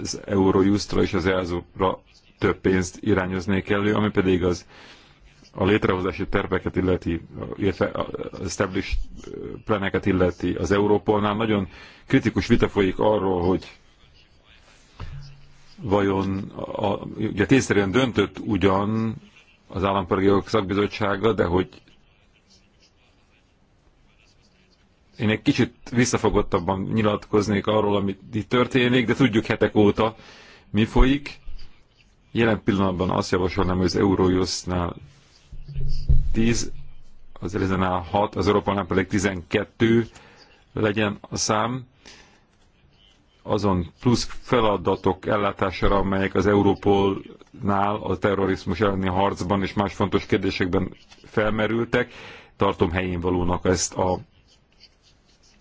az Eurojustra és az EASO-ra több pénzt irányoznék elő, ami pedig az a létrehozási terveket illeti, illetve established pleneket illeti az Európolnál. Nagyon kritikus vita folyik arról, hogy vajon a, a, ugye tényszerűen döntött ugyan az állampolgári jogok szakbizottsága, de hogy én egy kicsit visszafogottabban nyilatkoznék arról, amit itt történik, de tudjuk hetek óta mi folyik. Jelen pillanatban azt javasolnám, hogy az Eurojustnál 10, az Elizenál 6, az Európánál pedig 12 legyen a szám azon plusz feladatok ellátására, amelyek az Európolnál a terrorizmus elleni harcban és más fontos kérdésekben felmerültek, tartom helyén valónak ezt a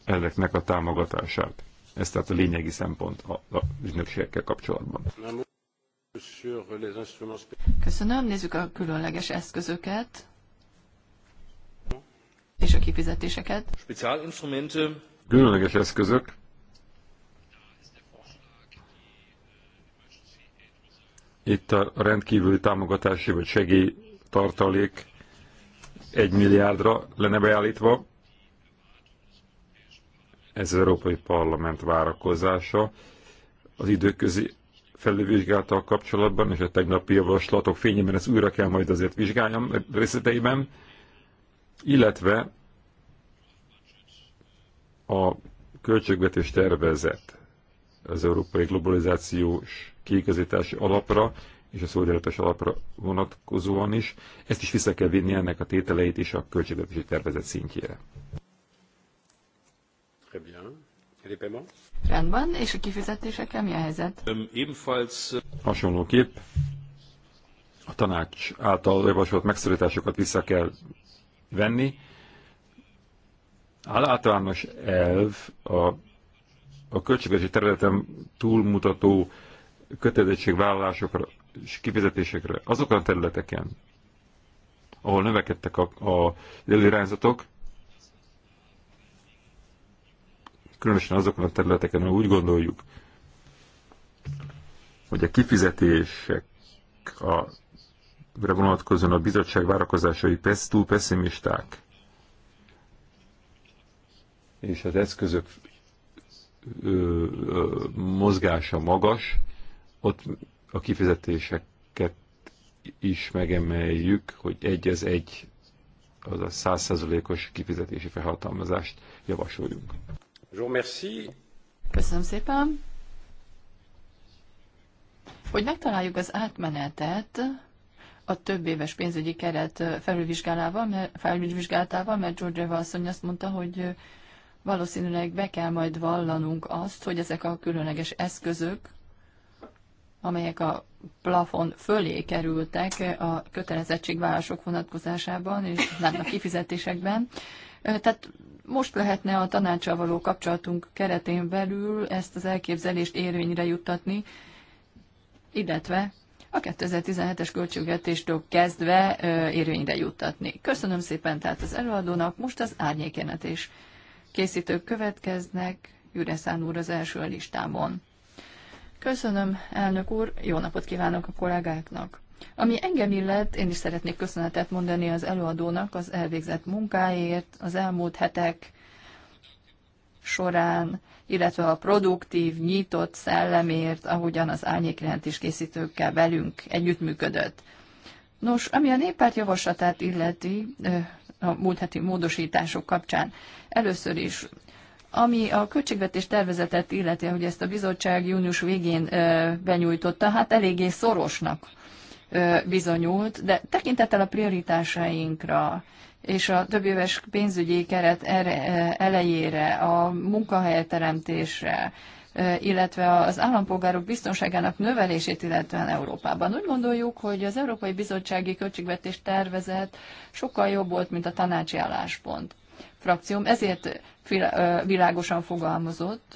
ezeknek a támogatását. Ez tehát a lényegi szempont a ügynökségekkel kapcsolatban. Köszönöm, nézzük a különleges eszközöket és a kifizetéseket. Különleges eszközök Itt a rendkívüli támogatási vagy segélytartalék egy milliárdra lenne beállítva. Ez az Európai Parlament várakozása. Az időközi felülvizsgálattal kapcsolatban, és a tegnapi javaslatok fényében ezt újra kell majd azért vizsgáljam részleteiben, illetve a költségvetés tervezet az európai globalizációs kiigazítási alapra és a szolidaritás alapra vonatkozóan is. Ezt is vissza kell vinni ennek a tételeit és a költségvetési tervezet szintjére. Rendben, és a kifizetésekkel mi a helyzet? Hasonlóképp a tanács által javasolt megszorításokat vissza kell venni. Általános elv a, a költségvetési területen túlmutató kötelezettségvállalásokra és kifizetésekre, azokon a területeken, ahol növekedtek a, az előirányzatok, különösen azokon a területeken, ahol úgy gondoljuk, hogy a kifizetések a vonatkozóan a bizottság várakozásai túl pessimisták, és az eszközök ö, ö, mozgása magas, ott a kifizetéseket is megemeljük, hogy egy az egy, az a százszerzalékos kifizetési felhatalmazást javasoljunk. Köszönöm szépen. Hogy megtaláljuk az átmenetet, a több éves pénzügyi keret felülvizsgálával, mert, felülvizsgálatával, mert Georgieva asszony azt mondta, hogy valószínűleg be kell majd vallanunk azt, hogy ezek a különleges eszközök amelyek a plafon fölé kerültek a kötelezettségvállások vonatkozásában és nem a kifizetésekben. Tehát most lehetne a tanácsal való kapcsolatunk keretén belül ezt az elképzelést érvényre juttatni, illetve a 2017-es költségvetéstől kezdve érvényre juttatni. Köszönöm szépen tehát az előadónak, most az is. készítők következnek, Jüreszán úr az első listámon. Köszönöm, elnök úr, jó napot kívánok a kollégáknak. Ami engem illet, én is szeretnék köszönetet mondani az előadónak az elvégzett munkáért az elmúlt hetek során, illetve a produktív, nyitott szellemért, ahogyan az is készítőkkel velünk együttműködött. Nos, ami a néppárt javaslatát illeti, a múlt heti módosítások kapcsán. Először is ami a költségvetés tervezetet illeti, hogy ezt a bizottság június végén benyújtotta, hát eléggé szorosnak bizonyult, de tekintettel a prioritásainkra és a több éves pénzügyi keret elejére, a munkahelyteremtésre, illetve az állampolgárok biztonságának növelését, illetve Európában. Úgy gondoljuk, hogy az Európai Bizottsági Költségvetés tervezet sokkal jobb volt, mint a tanácsi álláspont. Frakcióm ezért világosan fogalmazott,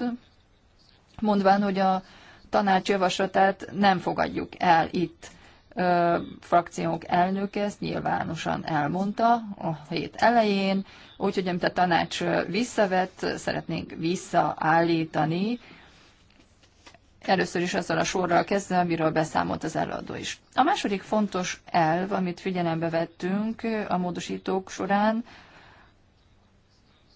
mondván, hogy a tanács javaslatát nem fogadjuk el itt. Ö, frakciónk elnöke ezt nyilvánosan elmondta a hét elején, úgyhogy amit a tanács visszavett, szeretnénk visszaállítani. Először is azzal a sorral kezdve, amiről beszámolt az előadó is. A második fontos elv, amit figyelembe vettünk a módosítók során,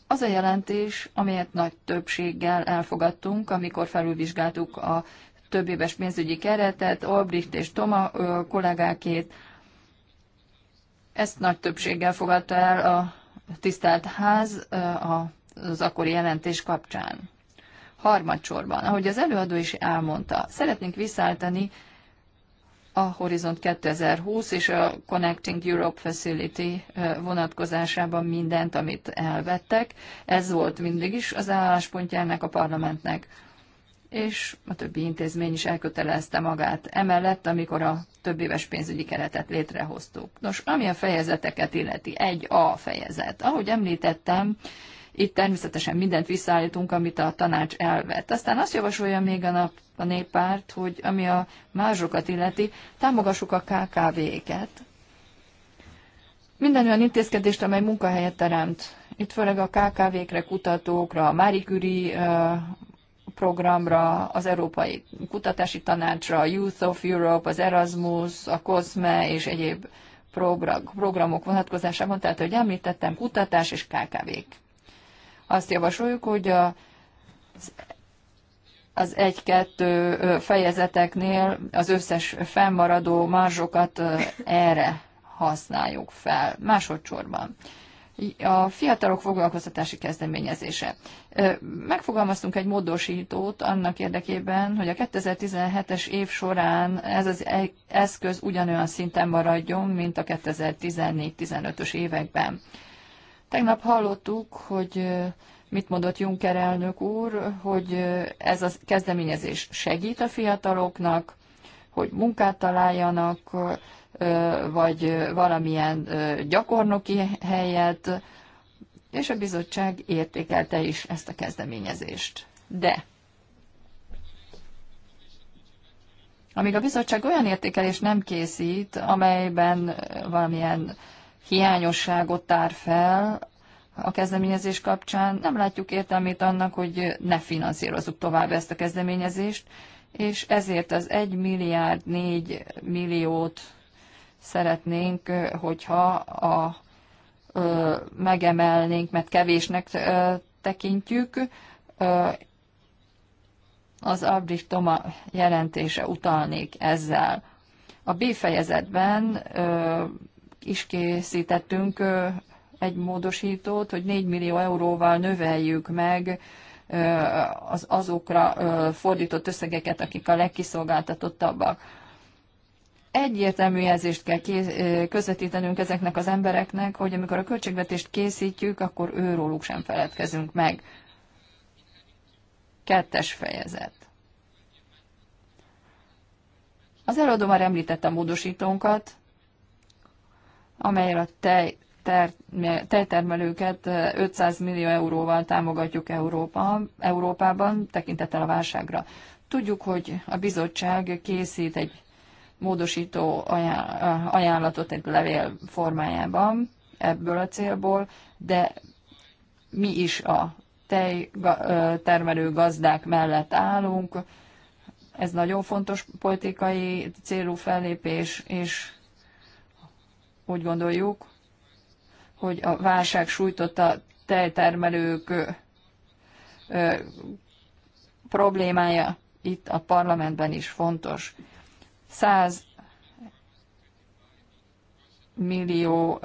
az a jelentés, amelyet nagy többséggel elfogadtunk, amikor felülvizsgáltuk a több éves pénzügyi keretet, Albrecht és Toma kollégákét, ezt nagy többséggel fogadta el a tisztelt ház az akkori jelentés kapcsán. Harmadsorban, ahogy az előadó is elmondta, szeretnénk visszaállítani a Horizont 2020 és a Connecting Europe Facility vonatkozásában mindent, amit elvettek. Ez volt mindig is az álláspontja ennek a parlamentnek és a többi intézmény is elkötelezte magát emellett, amikor a többéves pénzügyi keretet létrehoztuk. Nos, ami a fejezeteket illeti, egy A fejezet. Ahogy említettem, itt természetesen mindent visszaállítunk, amit a tanács elvett. Aztán azt javasolja még a, nap, a néppárt, hogy ami a mázsokat illeti, támogassuk a KKV-ket. Minden olyan intézkedést, amely munkahelyet teremt. Itt főleg a KKV-kre, kutatókra, a Marie Curie programra, az Európai Kutatási Tanácsra, a Youth of Europe, az Erasmus, a COSME és egyéb programok vonatkozásában, tehát, hogy említettem, kutatás és KKV-k. Azt javasoljuk, hogy a, az egy-kettő fejezeteknél az összes fennmaradó marzsokat erre használjuk fel. Másodszorban a fiatalok foglalkoztatási kezdeményezése. Megfogalmaztunk egy módosítót annak érdekében, hogy a 2017-es év során ez az eszköz ugyanolyan szinten maradjon, mint a 2014-15-ös években. Tegnap hallottuk, hogy mit mondott Juncker elnök úr, hogy ez a kezdeményezés segít a fiataloknak, hogy munkát találjanak, vagy valamilyen gyakornoki helyet, és a bizottság értékelte is ezt a kezdeményezést. De amíg a bizottság olyan értékelést nem készít, amelyben valamilyen hiányosságot tár fel a kezdeményezés kapcsán. Nem látjuk értelmét annak, hogy ne finanszírozzuk tovább ezt a kezdeményezést, és ezért az 1 milliárd 4 milliót szeretnénk, hogyha a, ö, megemelnénk, mert kevésnek ö, tekintjük. Ö, az Albrecht Toma jelentése utalnék ezzel. A B fejezetben ö, is készítettünk egy módosítót, hogy 4 millió euróval növeljük meg az azokra fordított összegeket, akik a legkiszolgáltatottabbak. Egyértelmű jelzést kell közvetítenünk ezeknek az embereknek, hogy amikor a költségvetést készítjük, akkor őróluk sem feledkezünk meg. Kettes fejezet. Az előadó már említette a módosítónkat, amelyel a tej, ter, tejtermelőket 500 millió euróval támogatjuk Európa, Európában, tekintettel a válságra. Tudjuk, hogy a bizottság készít egy módosító ajánlatot egy levél formájában ebből a célból, de mi is a tejtermelő gazdák mellett állunk. Ez nagyon fontos politikai célú fellépés, és úgy gondoljuk, hogy a válság sújtotta tejtermelők problémája itt a parlamentben is fontos. 100 millió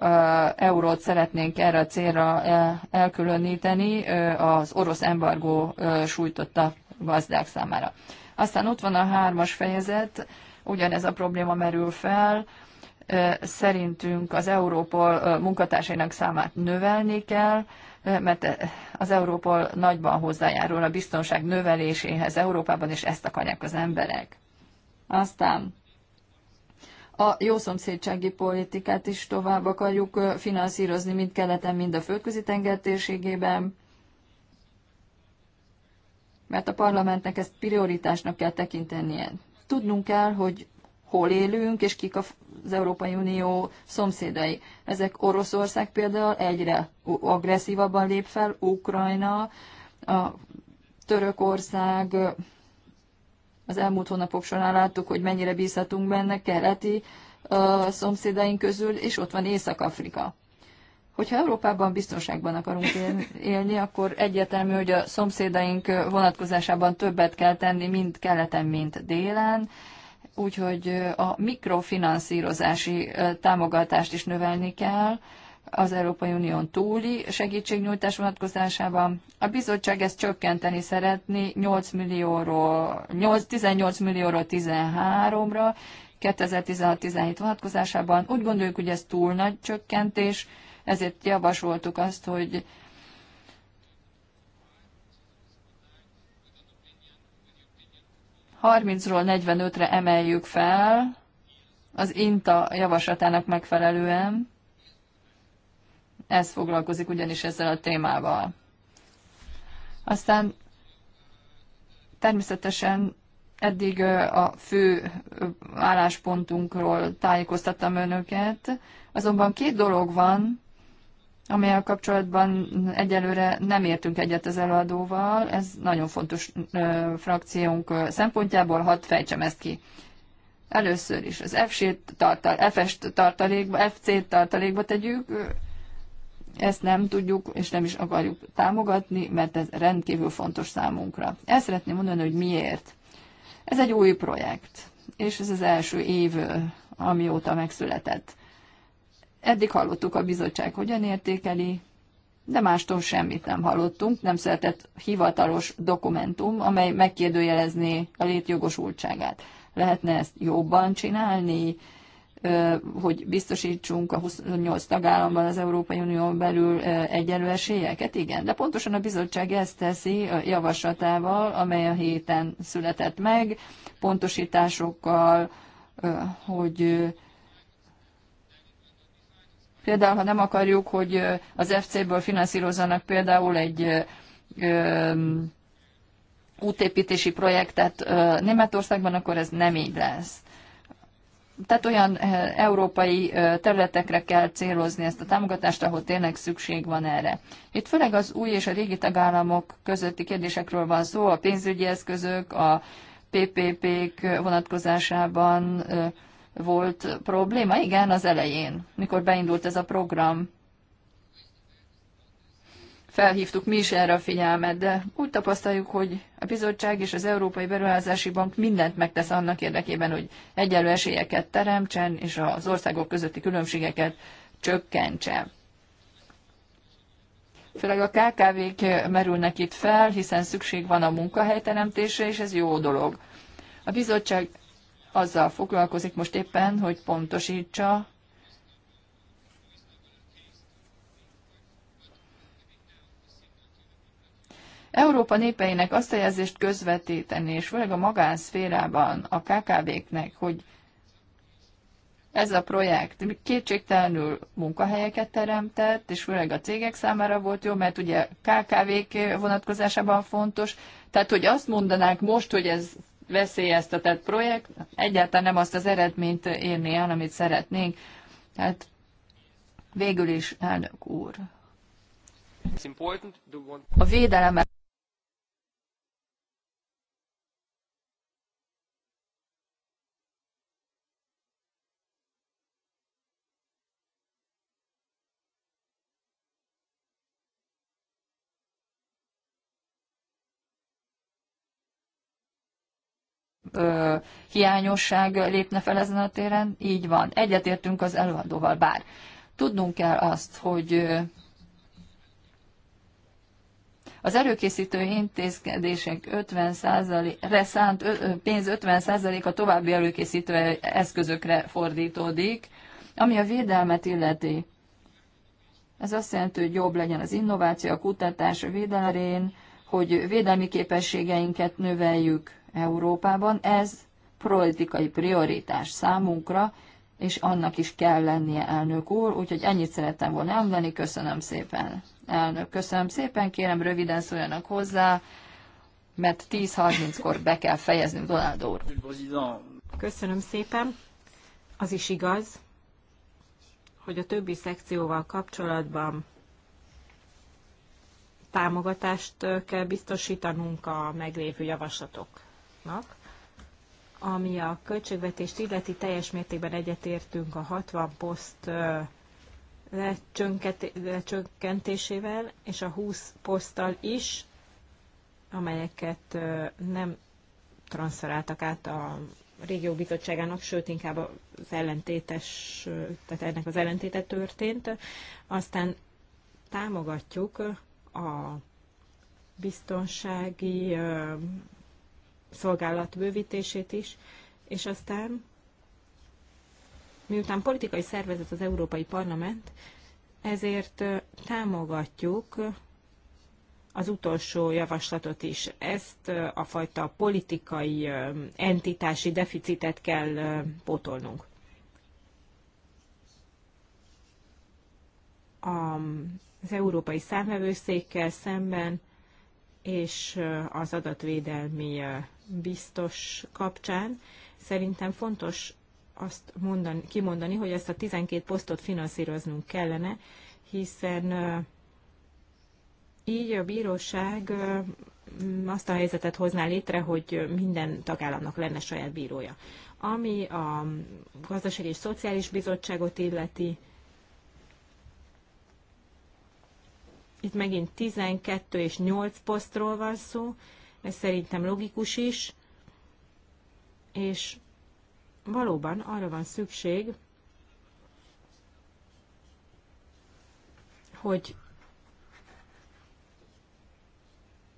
eurót szeretnénk erre a célra elkülöníteni az orosz embargó sújtotta gazdák számára. Aztán ott van a hármas fejezet, ugyanez a probléma merül fel, Szerintünk az Európol munkatársainak számát növelni kell, mert az Európol nagyban hozzájárul a biztonság növeléséhez Európában, és ezt akarják az emberek. Aztán a jószomszédsági politikát is tovább akarjuk finanszírozni, mind keleten, mind a földközi tengertérségében, mert a parlamentnek ezt prioritásnak kell tekintenie. Tudnunk kell, hogy hol élünk, és kik az Európai Unió szomszédai. Ezek Oroszország például egyre agresszívabban lép fel, Ukrajna, a Törökország, az elmúlt hónapok során láttuk, hogy mennyire bízhatunk benne keleti szomszédaink közül, és ott van Észak-Afrika. Hogyha Európában biztonságban akarunk élni, akkor egyértelmű, hogy a szomszédaink vonatkozásában többet kell tenni, mind keleten, mind délen, úgyhogy a mikrofinanszírozási támogatást is növelni kell az Európai Unión túli segítségnyújtás vonatkozásában. A bizottság ezt csökkenteni szeretné 8 millióról, 8, 18 millióról 13-ra, 2016-17 vonatkozásában. Úgy gondoljuk, hogy ez túl nagy csökkentés, ezért javasoltuk azt, hogy 30-ról 45-re emeljük fel, az INTA javaslatának megfelelően. Ez foglalkozik ugyanis ezzel a témával. Aztán természetesen eddig a fő álláspontunkról tájékoztattam önöket, azonban két dolog van, amelyel kapcsolatban egyelőre nem értünk egyet az előadóval. Ez nagyon fontos ö, frakciónk szempontjából, hadd fejtsem ezt ki. Először is az f tartal, F-est tartalékba, FC-t tartalékba tegyük, ezt nem tudjuk és nem is akarjuk támogatni, mert ez rendkívül fontos számunkra. Ezt szeretném mondani, hogy miért. Ez egy új projekt, és ez az első év, amióta megszületett. Eddig hallottuk a bizottság hogyan értékeli, de mástól semmit nem hallottunk, nem született hivatalos dokumentum, amely megkérdőjelezné a létjogosultságát. Lehetne ezt jobban csinálni, hogy biztosítsunk a 28 tagállamban az Európai Unión belül egyenlő esélyeket? Igen, de pontosan a bizottság ezt teszi a javaslatával, amely a héten született meg, pontosításokkal, hogy Például, ha nem akarjuk, hogy az FC-ből finanszírozzanak például egy útépítési projektet Németországban, akkor ez nem így lesz. Tehát olyan európai területekre kell célozni ezt a támogatást, ahol tényleg szükség van erre. Itt főleg az új és a régi tagállamok közötti kérdésekről van szó, a pénzügyi eszközök, a PPP-k vonatkozásában, volt probléma? Igen, az elején, mikor beindult ez a program. Felhívtuk mi is erre a figyelmet, de úgy tapasztaljuk, hogy a bizottság és az Európai Beruházási Bank mindent megtesz annak érdekében, hogy egyenlő esélyeket teremtsen, és az országok közötti különbségeket csökkentse. Főleg a KKV-k merülnek itt fel, hiszen szükség van a munkahelyteremtésre, és ez jó dolog. A bizottság azzal foglalkozik most éppen, hogy pontosítsa, Európa népeinek azt a jelzést közvetíteni, és főleg a magánszférában, a KKV-knek, hogy ez a projekt kétségtelenül munkahelyeket teremtett, és főleg a cégek számára volt jó, mert ugye KKV-k vonatkozásában fontos. Tehát, hogy azt mondanák most, hogy ez veszélyeztetett projekt, egyáltalán nem azt az eredményt érni el, amit szeretnénk. Hát végül is, elnök úr. A védelemet. ö, hiányosság lépne fel ezen a téren. Így van. Egyetértünk az előadóval, bár tudnunk kell azt, hogy az erőkészítő intézkedések 50%-re szánt pénz 50%-a további előkészítő eszközökre fordítódik, ami a védelmet illeti. Ez azt jelenti, hogy jobb legyen az innováció, a kutatás, a védelmén, hogy védelmi képességeinket növeljük. Európában. Ez politikai prioritás számunkra, és annak is kell lennie, elnök úr, úgyhogy ennyit szerettem volna elmondani, köszönöm szépen. Elnök, köszönöm szépen, kérem röviden szóljanak hozzá, mert 10.30-kor be kell fejeznünk, Donald úr. Köszönöm szépen. Az is igaz, hogy a többi szekcióval kapcsolatban támogatást kell biztosítanunk a meglévő javaslatok javaslatnak, ami a költségvetést illeti teljes mértékben egyetértünk a 60 poszt lecsökkentésével, és a 20 poszttal is, amelyeket nem transferáltak át a régió bizottságának, sőt inkább az ellentétes, tehát ennek az ellentéte történt. Aztán támogatjuk a biztonsági szolgálat bővítését is, és aztán miután politikai szervezet az Európai Parlament, ezért támogatjuk az utolsó javaslatot is. Ezt a fajta politikai entitási deficitet kell pótolnunk. Az Európai Számvevőszékkel szemben és az adatvédelmi biztos kapcsán szerintem fontos azt mondani, kimondani, hogy ezt a 12 posztot finanszíroznunk kellene, hiszen így a bíróság azt a helyzetet hozná létre, hogy minden tagállamnak lenne saját bírója. Ami a Gazdasági és Szociális Bizottságot illeti, itt megint 12 és 8 posztról van szó, ez szerintem logikus is, és valóban arra van szükség, hogy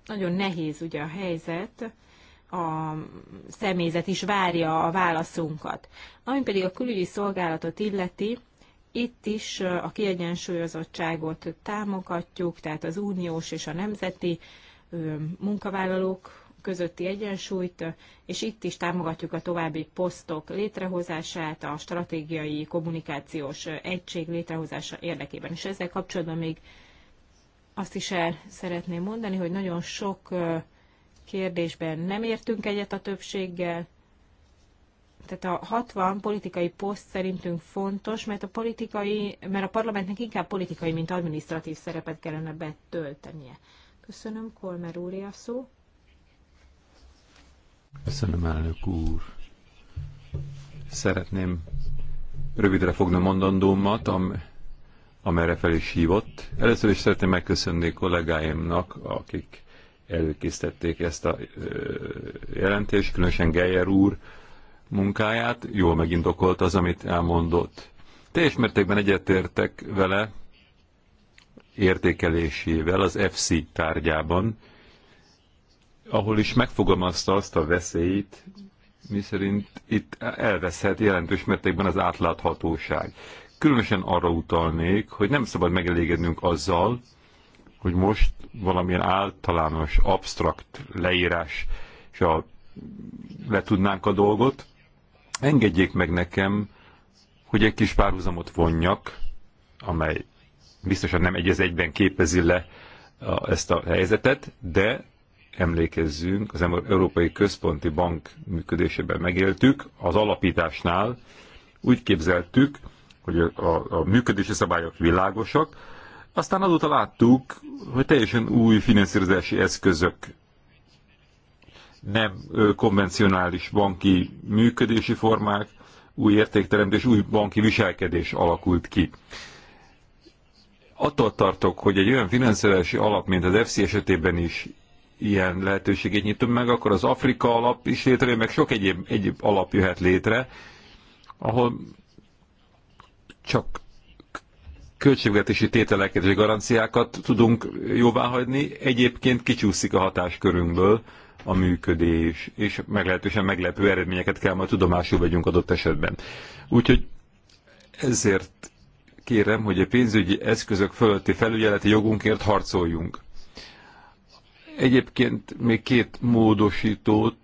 nagyon nehéz ugye a helyzet, a személyzet is várja a válaszunkat. Ami pedig a külügyi szolgálatot illeti, itt is a kiegyensúlyozottságot támogatjuk, tehát az uniós és a nemzeti munkavállalók közötti egyensúlyt, és itt is támogatjuk a további posztok létrehozását, a stratégiai kommunikációs egység létrehozása érdekében. És ezzel kapcsolatban még azt is el szeretném mondani, hogy nagyon sok kérdésben nem értünk egyet a többséggel, tehát a 60 politikai poszt szerintünk fontos, mert a, politikai, mert a parlamentnek inkább politikai, mint adminisztratív szerepet kellene betöltenie. Köszönöm, Kolmer úr, a szó. Köszönöm, elnök úr. Szeretném rövidre fogni mondandómat, am, amerre fel is hívott. Először is szeretném megköszönni kollégáimnak, akik előkészítették ezt a ö, jelentést, különösen Geyer úr munkáját. Jól megindokolt az, amit elmondott. Teljes mértékben egyetértek vele, értékelésével az FC tárgyában, ahol is megfogalmazta azt a veszélyt, miszerint itt elveszhet jelentős mértékben az átláthatóság. Különösen arra utalnék, hogy nem szabad megelégednünk azzal, hogy most valamilyen általános, absztrakt leírás, és a, letudnánk a dolgot. Engedjék meg nekem, hogy egy kis párhuzamot vonjak, amely biztosan nem egy az egyben képezi le a, ezt a helyzetet, de emlékezzünk, az Európai Központi Bank működésében megéltük, az alapításnál úgy képzeltük, hogy a, a, a működési szabályok világosak, aztán azóta láttuk, hogy teljesen új finanszírozási eszközök nem konvencionális banki működési formák, új értékteremtés, új banki viselkedés alakult ki attól tartok, hogy egy olyan finanszírozási alap, mint az FC esetében is ilyen lehetőséget nyitunk meg, akkor az Afrika alap is létrejön, meg sok egyéb, egyéb alap jöhet létre, ahol csak költségvetési tételeket és garanciákat tudunk jóváhagyni, egyébként kicsúszik a hatáskörünkből a működés, és meglehetősen meglepő eredményeket kell majd tudomásul vegyünk adott esetben. Úgyhogy ezért kérem, hogy a pénzügyi eszközök fölötti felügyeleti jogunkért harcoljunk. Egyébként még két módosítót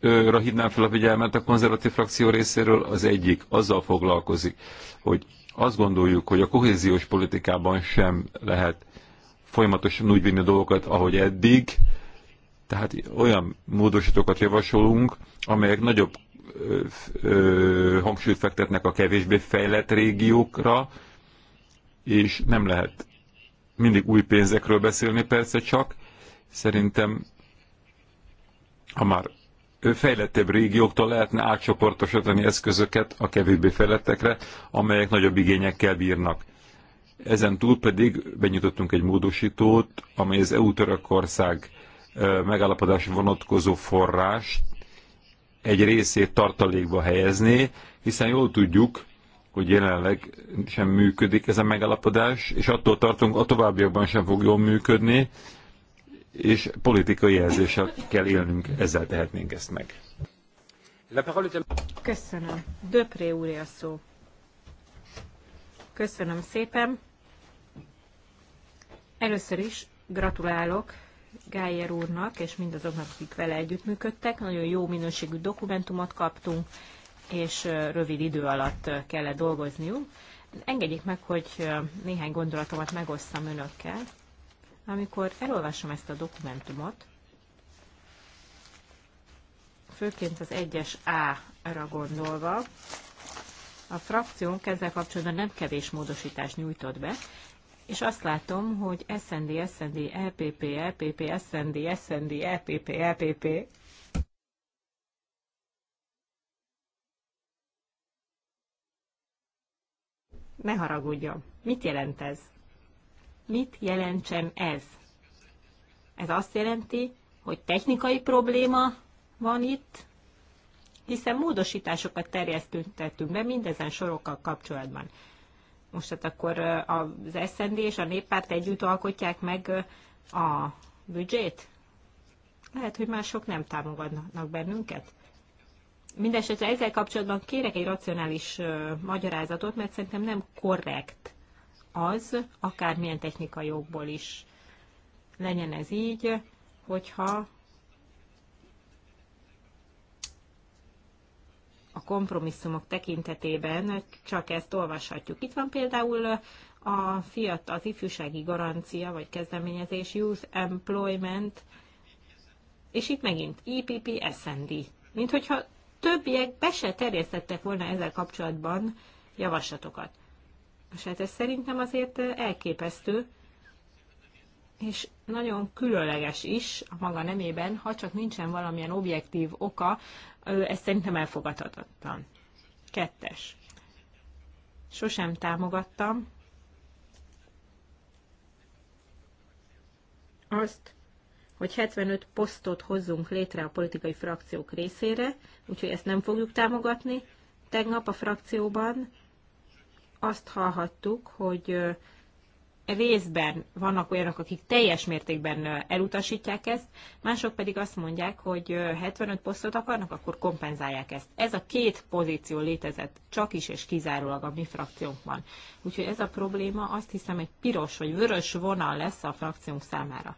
ra hívnám fel a figyelmet a konzervatív frakció részéről. Az egyik azzal foglalkozik, hogy azt gondoljuk, hogy a kohéziós politikában sem lehet folyamatosan úgy vinni a dolgokat, ahogy eddig. Tehát olyan módosítókat javasolunk, amelyek nagyobb hangsúlyt fektetnek a kevésbé fejlett régiókra, és nem lehet mindig új pénzekről beszélni persze csak. Szerintem, ha már fejlettebb régióktól lehetne átcsoportosítani eszközöket a kevésbé fejlettekre, amelyek nagyobb igényekkel bírnak. Ezen túl pedig benyitottunk egy módosítót, amely az EU-Törökország megállapodás vonatkozó forrást egy részét tartalékba helyezni, hiszen jól tudjuk, hogy jelenleg sem működik ez a megállapodás, és attól tartunk, a továbbiakban sem fog jól működni, és politikai jelzéssel kell élnünk, ezzel tehetnénk ezt meg. Köszönöm. Döpré úr a szó. Köszönöm szépen. Először is gratulálok Gájer úrnak, és mindazoknak, akik vele együttműködtek. Nagyon jó minőségű dokumentumot kaptunk, és rövid idő alatt kellett dolgozniuk. Engedjék meg, hogy néhány gondolatomat megosztam önökkel. Amikor elolvasom ezt a dokumentumot, főként az 1-es A-ra gondolva, a frakciónk ezzel kapcsolatban nem kevés módosítást nyújtott be, és azt látom, hogy SND, SND, LPP, e LPP, e SND, SND, LPP, e LPP. Ne haragudjon. Mit jelent ez? Mit jelentsen ez? Ez azt jelenti, hogy technikai probléma van itt, hiszen módosításokat terjesztettünk be mindezen sorokkal kapcsolatban. Most hát akkor az SZND és a néppárt együtt alkotják meg a büdzsét? Lehet, hogy mások nem támogatnak bennünket. Mindenesetre ezzel kapcsolatban kérek egy racionális magyarázatot, mert szerintem nem korrekt az, akármilyen technikai jogból is legyen ez így, hogyha a kompromisszumok tekintetében csak ezt olvashatjuk. Itt van például a fiatal, az ifjúsági garancia, vagy kezdeményezés, Youth Employment, és itt megint EPP, SND. Mint hogyha többiek be se terjesztettek volna ezzel kapcsolatban javaslatokat. És hát ez szerintem azért elképesztő, és nagyon különleges is a maga nemében, ha csak nincsen valamilyen objektív oka ez szerintem elfogadhatatlan. Kettes. Sosem támogattam azt, hogy 75 posztot hozzunk létre a politikai frakciók részére, úgyhogy ezt nem fogjuk támogatni. Tegnap a frakcióban azt hallhattuk, hogy részben vannak olyanok, akik teljes mértékben elutasítják ezt, mások pedig azt mondják, hogy 75 posztot akarnak, akkor kompenzálják ezt. Ez a két pozíció létezett csak is és kizárólag a mi frakciónkban. Úgyhogy ez a probléma azt hiszem egy piros vagy vörös vonal lesz a frakciónk számára.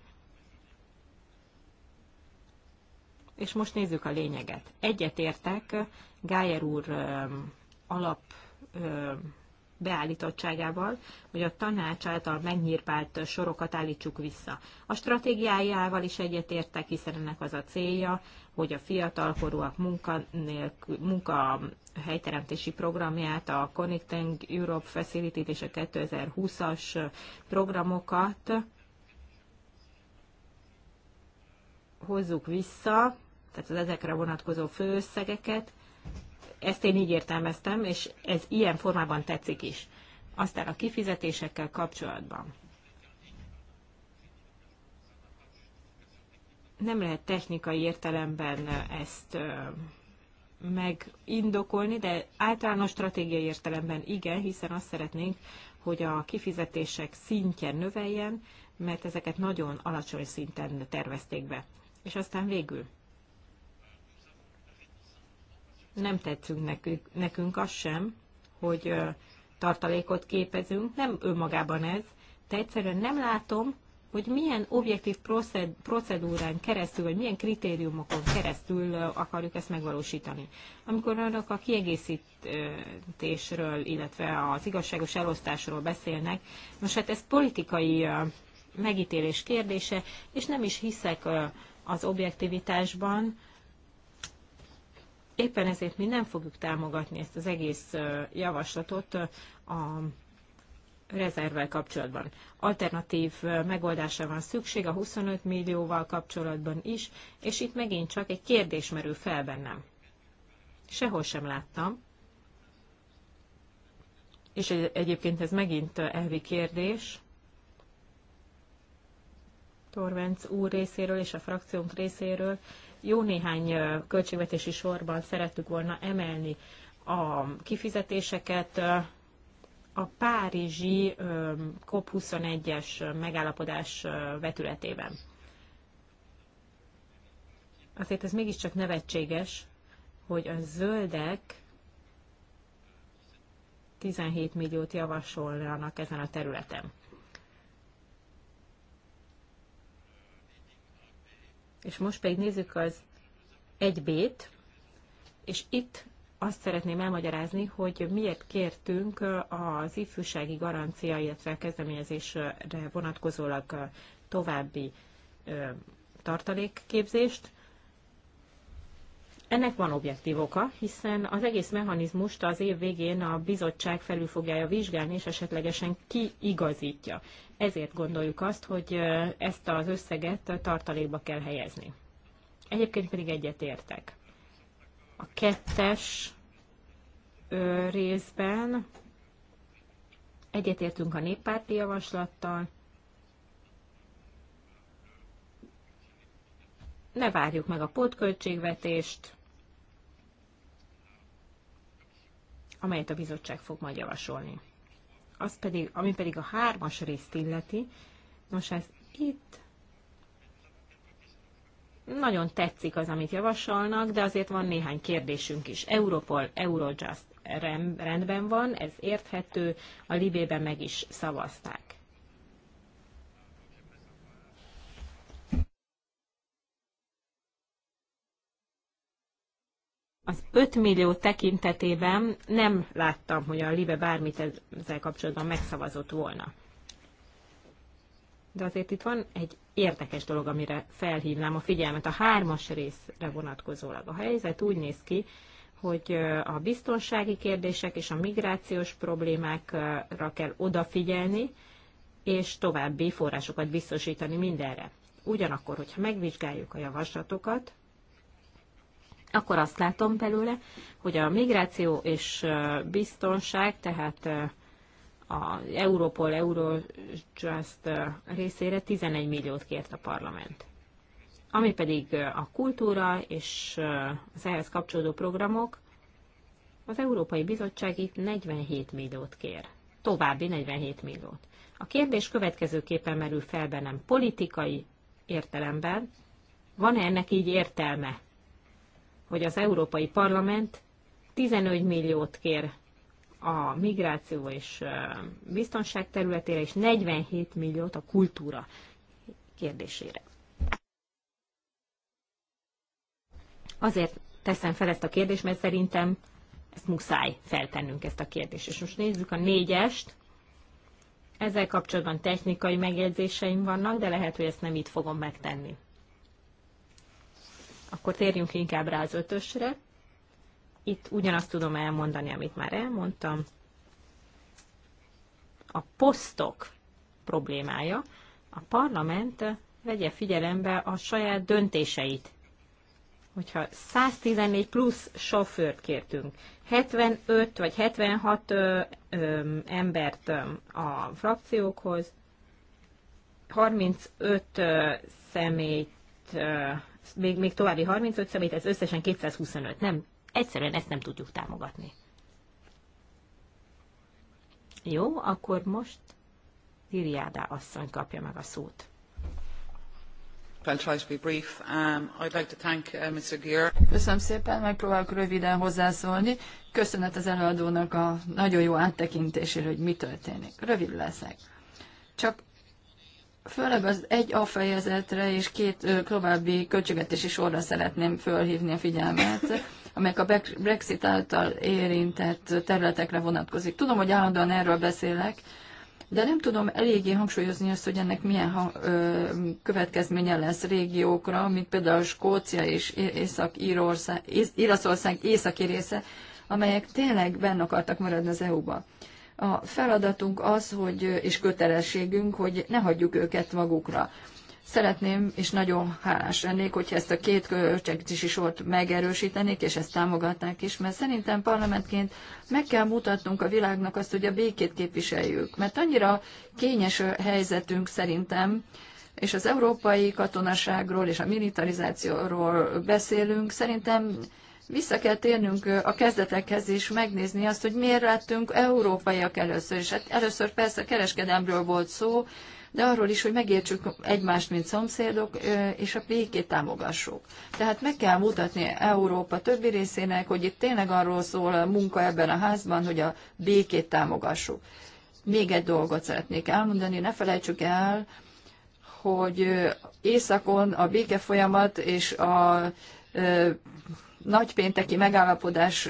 És most nézzük a lényeget. Egyetértek Gájer úr alap beállítottságával, hogy a tanács által megnyírpált sorokat állítsuk vissza. A stratégiájával is egyetértek, hiszen ennek az a célja, hogy a fiatalkorúak munkahelyteremtési munka programját, a Connecting Europe Facility-t és a 2020-as programokat hozzuk vissza, tehát az ezekre vonatkozó főösszegeket, ezt én így értelmeztem, és ez ilyen formában tetszik is. Aztán a kifizetésekkel kapcsolatban. Nem lehet technikai értelemben ezt megindokolni, de általános stratégiai értelemben igen, hiszen azt szeretnénk, hogy a kifizetések szintje növeljen, mert ezeket nagyon alacsony szinten tervezték be. És aztán végül nem tetszünk nekünk, nekünk az sem, hogy tartalékot képezünk, nem önmagában ez, de egyszerűen nem látom, hogy milyen objektív procedúrán keresztül, vagy milyen kritériumokon keresztül akarjuk ezt megvalósítani. Amikor önök a kiegészítésről, illetve az igazságos elosztásról beszélnek, most hát ez politikai megítélés kérdése, és nem is hiszek az objektivitásban, Éppen ezért mi nem fogjuk támogatni ezt az egész javaslatot a rezervvel kapcsolatban. Alternatív megoldásra van szükség a 25 millióval kapcsolatban is, és itt megint csak egy kérdés merül fel bennem. Sehol sem láttam. És egyébként ez megint elvi kérdés. Torvenc úr részéről és a frakciónk részéről jó néhány költségvetési sorban szerettük volna emelni a kifizetéseket. A párizsi COP21-es megállapodás vetületében. Azért ez mégiscsak nevetséges, hogy a zöldek 17 milliót javasolnak ezen a területen. És most pedig nézzük az 1B-t, és itt azt szeretném elmagyarázni, hogy miért kértünk az ifjúsági garancia, illetve kezdeményezésre vonatkozólag további tartalékképzést. Ennek van objektív oka, hiszen az egész mechanizmust az év végén a bizottság felül fogja vizsgálni, és esetlegesen kiigazítja. Ezért gondoljuk azt, hogy ezt az összeget tartalékba kell helyezni. Egyébként pedig egyetértek. A kettes részben egyetértünk a néppárti javaslattal, ne várjuk meg a pótköltségvetést, amelyet a bizottság fog majd javasolni. Az pedig, ami pedig a hármas részt illeti, nos ez itt nagyon tetszik az, amit javasolnak, de azért van néhány kérdésünk is. Europol, Eurojust rendben van, ez érthető, a Libében meg is szavazták. az 5 millió tekintetében nem láttam, hogy a Libe bármit ezzel kapcsolatban megszavazott volna. De azért itt van egy érdekes dolog, amire felhívnám a figyelmet. A hármas részre vonatkozólag a helyzet úgy néz ki, hogy a biztonsági kérdések és a migrációs problémákra kell odafigyelni, és további forrásokat biztosítani mindenre. Ugyanakkor, hogyha megvizsgáljuk a javaslatokat, akkor azt látom belőle, hogy a migráció és biztonság, tehát a Europol, Eurojust részére 11 milliót kért a parlament. Ami pedig a kultúra és az ehhez kapcsolódó programok, az Európai Bizottság itt 47 milliót kér. További 47 milliót. A kérdés következőképpen merül fel bennem politikai értelemben. Van-e ennek így értelme? hogy az Európai Parlament 15 milliót kér a migráció és biztonság területére, és 47 milliót a kultúra kérdésére. Azért teszem fel ezt a kérdést, mert szerintem ezt muszáj feltennünk ezt a kérdést. És most nézzük a négyest. Ezzel kapcsolatban technikai megjegyzéseim vannak, de lehet, hogy ezt nem itt fogom megtenni. Akkor térjünk inkább rá az ötösre. Itt ugyanazt tudom elmondani, amit már elmondtam. A posztok problémája. A parlament vegye figyelembe a saját döntéseit. Hogyha 114 plusz sofőrt kértünk, 75 vagy 76 ö, ö, embert ö, a frakciókhoz, 35 ö, személyt ö, még, még további 35 szemét, ez összesen 225. Nem, egyszerűen ezt nem tudjuk támogatni. Jó, akkor most Liriádá asszony kapja meg a szót. Köszönöm szépen, megpróbálok röviden hozzászólni. Köszönet az előadónak a nagyon jó áttekintéséről, hogy mi történik. Rövid leszek. Csak főleg az egy A fejezetre és két további költségvetési sorra szeretném fölhívni a figyelmet, amelyek a Brexit által érintett területekre vonatkozik. Tudom, hogy állandóan erről beszélek, de nem tudom eléggé hangsúlyozni azt, hogy ennek milyen ha, ö, következménye lesz régiókra, mint például Skócia és Észak-Írország, Északi része, amelyek tényleg benne akartak maradni az EU-ba. A feladatunk az, hogy, és kötelességünk, hogy ne hagyjuk őket magukra. Szeretném, és nagyon hálás lennék, hogyha ezt a két költségvetési sort megerősítenék, és ezt támogatnák is, mert szerintem parlamentként meg kell mutatnunk a világnak azt, hogy a békét képviseljük. Mert annyira kényes a helyzetünk szerintem, és az európai katonaságról és a militarizációról beszélünk, szerintem vissza kell térnünk a kezdetekhez és megnézni azt, hogy miért lettünk európaiak először. És hát először persze kereskedelmről volt szó, de arról is, hogy megértsük egymást, mint szomszédok, és a békét támogassuk. Tehát meg kell mutatni Európa többi részének, hogy itt tényleg arról szól a munka ebben a házban, hogy a békét támogassuk. Még egy dolgot szeretnék elmondani, ne felejtsük el, hogy északon a béke folyamat és a nagypénteki megállapodás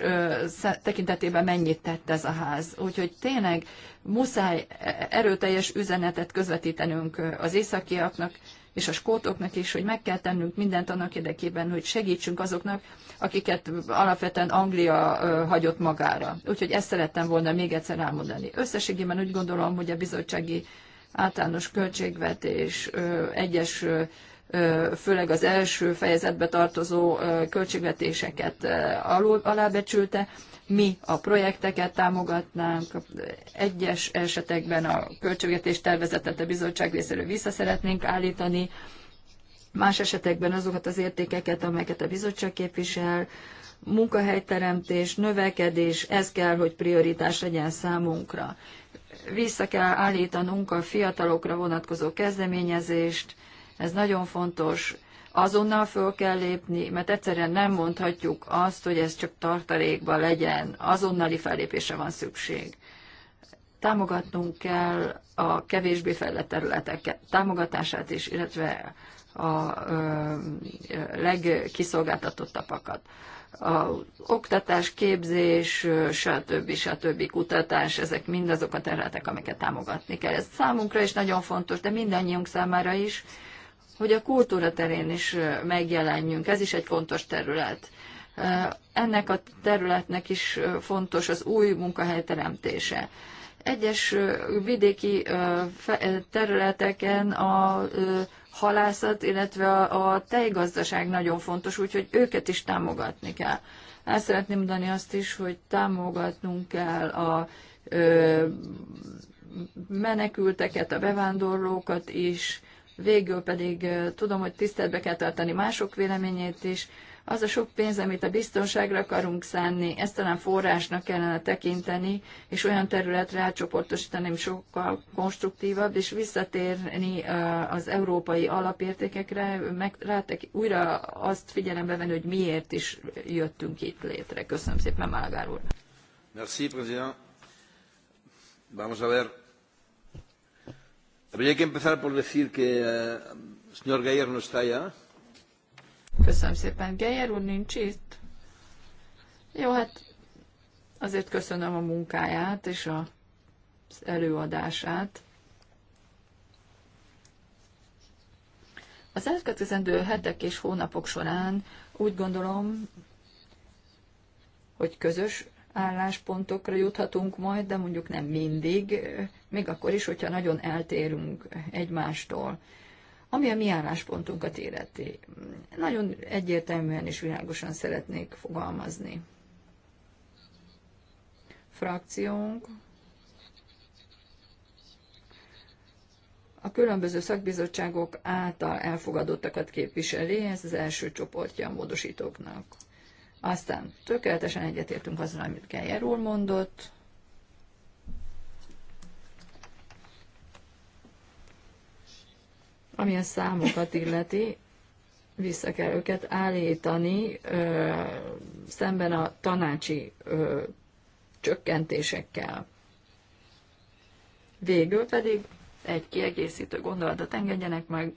tekintetében mennyit tett ez a ház. Úgyhogy tényleg muszáj erőteljes üzenetet közvetítenünk az északiaknak és a skótoknak is, hogy meg kell tennünk mindent annak érdekében, hogy segítsünk azoknak, akiket alapvetően Anglia hagyott magára. Úgyhogy ezt szerettem volna még egyszer elmondani. Összességében úgy gondolom, hogy a bizottsági általános költségvetés egyes főleg az első fejezetbe tartozó költségvetéseket alábecsülte. Mi a projekteket támogatnánk, egyes esetekben a költségvetés tervezetet a bizottság részéről vissza szeretnénk állítani, más esetekben azokat az értékeket, amelyeket a bizottság képvisel, munkahelyteremtés, növekedés, ez kell, hogy prioritás legyen számunkra. Vissza kell állítanunk a fiatalokra vonatkozó kezdeményezést, ez nagyon fontos. Azonnal föl kell lépni, mert egyszerűen nem mondhatjuk azt, hogy ez csak tartalékban legyen. Azonnali fellépése van szükség. Támogatnunk kell a kevésbé fejlett területek támogatását is, illetve a legkiszolgáltatottabbakat. A oktatás, képzés, stb. stb. kutatás, ezek mindazok a területek, amiket támogatni kell. Ez számunkra is nagyon fontos, de mindannyiunk számára is, hogy a kultúra terén is megjelenjünk. Ez is egy fontos terület. Ennek a területnek is fontos az új munkahely teremtése. Egyes vidéki területeken a halászat, illetve a tejgazdaság nagyon fontos, úgyhogy őket is támogatni kell. El szeretném mondani azt is, hogy támogatnunk kell a menekülteket, a bevándorlókat is, Végül pedig tudom, hogy tiszteletbe kell tartani mások véleményét is. Az a sok pénz, amit a biztonságra akarunk szánni, ezt talán forrásnak kellene tekinteni, és olyan területre átcsoportosítani, ami sokkal konstruktívabb, és visszatérni az európai alapértékekre, meg, rátek, újra azt figyelembe venni, hogy miért is jöttünk itt létre. Köszönöm szépen, Málgár úr. Merci, président. Vamos a ver. Habría que empezar por decir que uh, señor Geyer no está allá. Köszönöm szépen. Geyer úr nincs itt. Jó, hát azért köszönöm a munkáját és a, az előadását. Az elkövetkezendő hetek és hónapok során úgy gondolom, hogy közös álláspontokra juthatunk majd, de mondjuk nem mindig, még akkor is, hogyha nagyon eltérünk egymástól. Ami a mi álláspontunkat életi. nagyon egyértelműen és világosan szeretnék fogalmazni. Frakciónk a különböző szakbizottságok által elfogadottakat képviseli, ez az első csoportja a módosítóknak. Aztán tökéletesen egyetértünk azzal, amit Geyer úr mondott. Ami a számokat illeti, vissza kell őket állítani ö, szemben a tanácsi ö, csökkentésekkel. Végül pedig egy kiegészítő gondolatot engedjenek meg,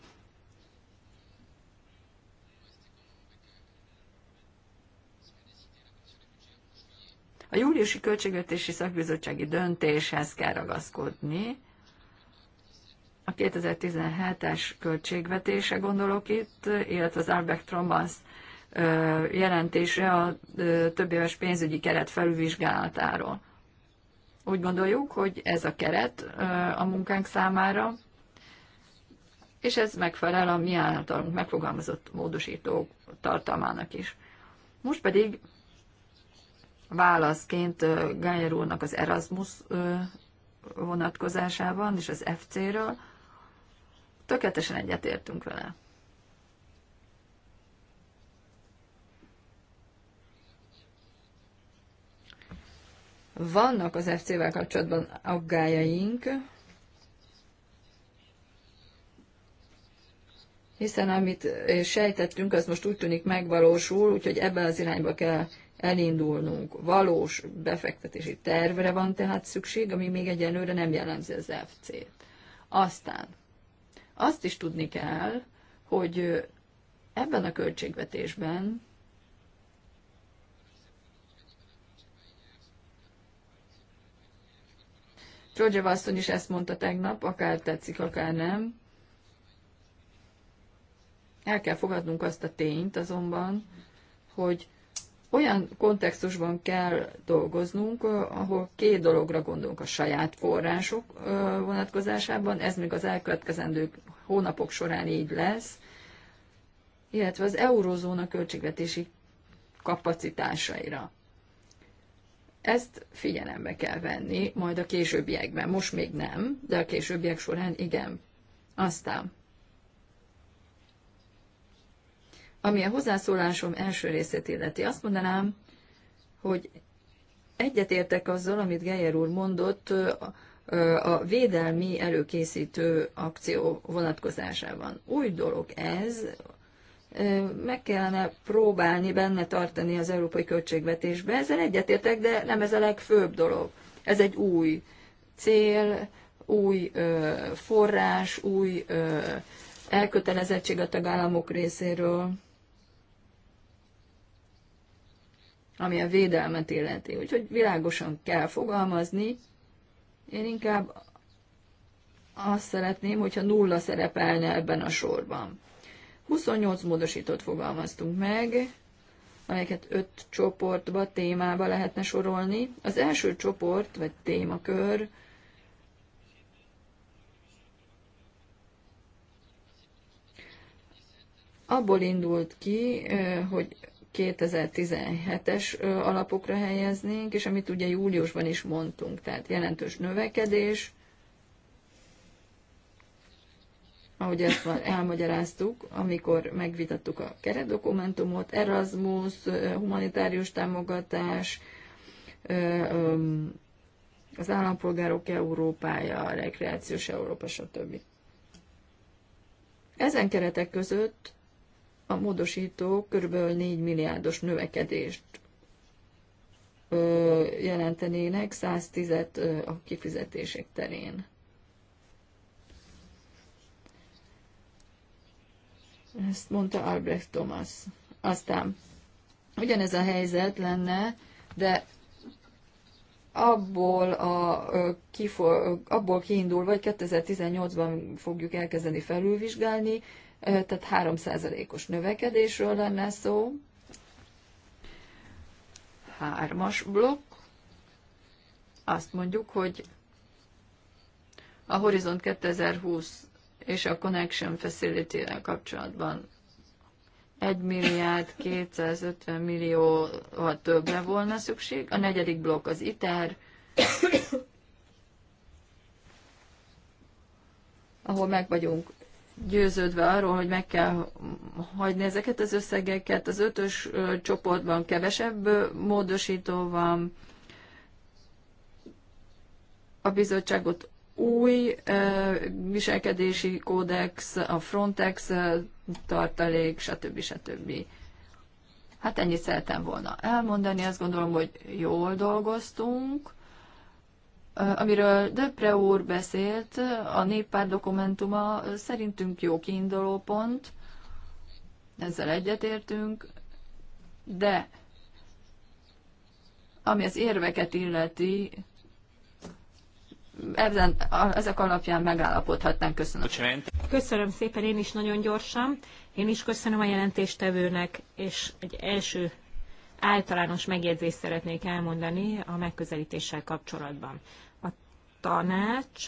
A júliusi költségvetési szakbizottsági döntéshez kell ragaszkodni. A 2017-es költségvetése gondolok itt, illetve az Albert Trombans jelentése a több éves pénzügyi keret felülvizsgálatáról. Úgy gondoljuk, hogy ez a keret a munkánk számára, és ez megfelel a mi általunk megfogalmazott módosító tartalmának is. Most pedig válaszként Gányer úrnak az Erasmus vonatkozásában és az FC-ről. Tökéletesen egyetértünk vele. Vannak az FC-vel kapcsolatban aggájaink, hiszen amit sejtettünk, az most úgy tűnik megvalósul, úgyhogy ebben az irányba kell elindulnunk. Valós befektetési tervre van tehát szükség, ami még egyenlőre nem jellemzi az FC-t. Aztán azt is tudni kell, hogy ebben a költségvetésben Georgia asszony is ezt mondta tegnap, akár tetszik, akár nem. El kell fogadnunk azt a tényt azonban, hogy olyan kontextusban kell dolgoznunk, ahol két dologra gondolunk a saját források vonatkozásában, ez még az elkövetkezendő hónapok során így lesz, illetve az eurozóna költségvetési kapacitásaira. Ezt figyelembe kell venni, majd a későbbiekben. Most még nem, de a későbbiek során igen. Aztán Ami a hozzászólásom első részét illeti, azt mondanám, hogy egyetértek azzal, amit Geyer úr mondott a védelmi előkészítő akció vonatkozásában. Új dolog ez, meg kellene próbálni benne tartani az európai költségvetésbe. Ezzel egyetértek, de nem ez a legfőbb dolog. Ez egy új cél, új forrás, új elkötelezettség a tagállamok részéről. ami a védelmet illeti. Úgyhogy világosan kell fogalmazni. Én inkább azt szeretném, hogyha nulla szerepelne ebben a sorban. 28 módosítót fogalmaztunk meg, amelyeket 5 csoportba, témába lehetne sorolni. Az első csoport, vagy témakör, abból indult ki, eh, hogy 2017-es alapokra helyeznénk, és amit ugye júliusban is mondtunk, tehát jelentős növekedés, ahogy ezt már elmagyaráztuk, amikor megvitattuk a keredokumentumot, Erasmus, humanitárius támogatás, az állampolgárok Európája, a rekreációs Európa, stb. Ezen keretek között a módosító körülbelül 4 milliárdos növekedést jelentenének 110 a kifizetések terén. Ezt mondta Albrecht Thomas. Aztán ugyanez a helyzet lenne, de abból, a, kifo, abból kiindulva, vagy 2018-ban fogjuk elkezdeni felülvizsgálni, tehát 3%-os növekedésről lenne szó. Hármas blokk. Azt mondjuk, hogy a Horizont 2020 és a Connection facility kapcsolatban 1 milliárd 250 vagy többre volna szükség. A negyedik blokk az ITER, ahol meg vagyunk győződve arról, hogy meg kell hagyni ezeket az összegeket. Az ötös csoportban kevesebb módosító van. A bizottságot új viselkedési kódex, a Frontex tartalék, stb. stb. Hát ennyit szeretem volna elmondani. Azt gondolom, hogy jól dolgoztunk Amiről Depre úr beszélt, a néppár dokumentuma szerintünk jó kiinduló pont, ezzel egyetértünk, de ami az érveket illeti, ezen, ezek alapján megállapodhatnánk. Köszönöm. Köszönöm szépen, én is nagyon gyorsan. Én is köszönöm a jelentéstevőnek, és egy első általános megjegyzést szeretnék elmondani a megközelítéssel kapcsolatban tanács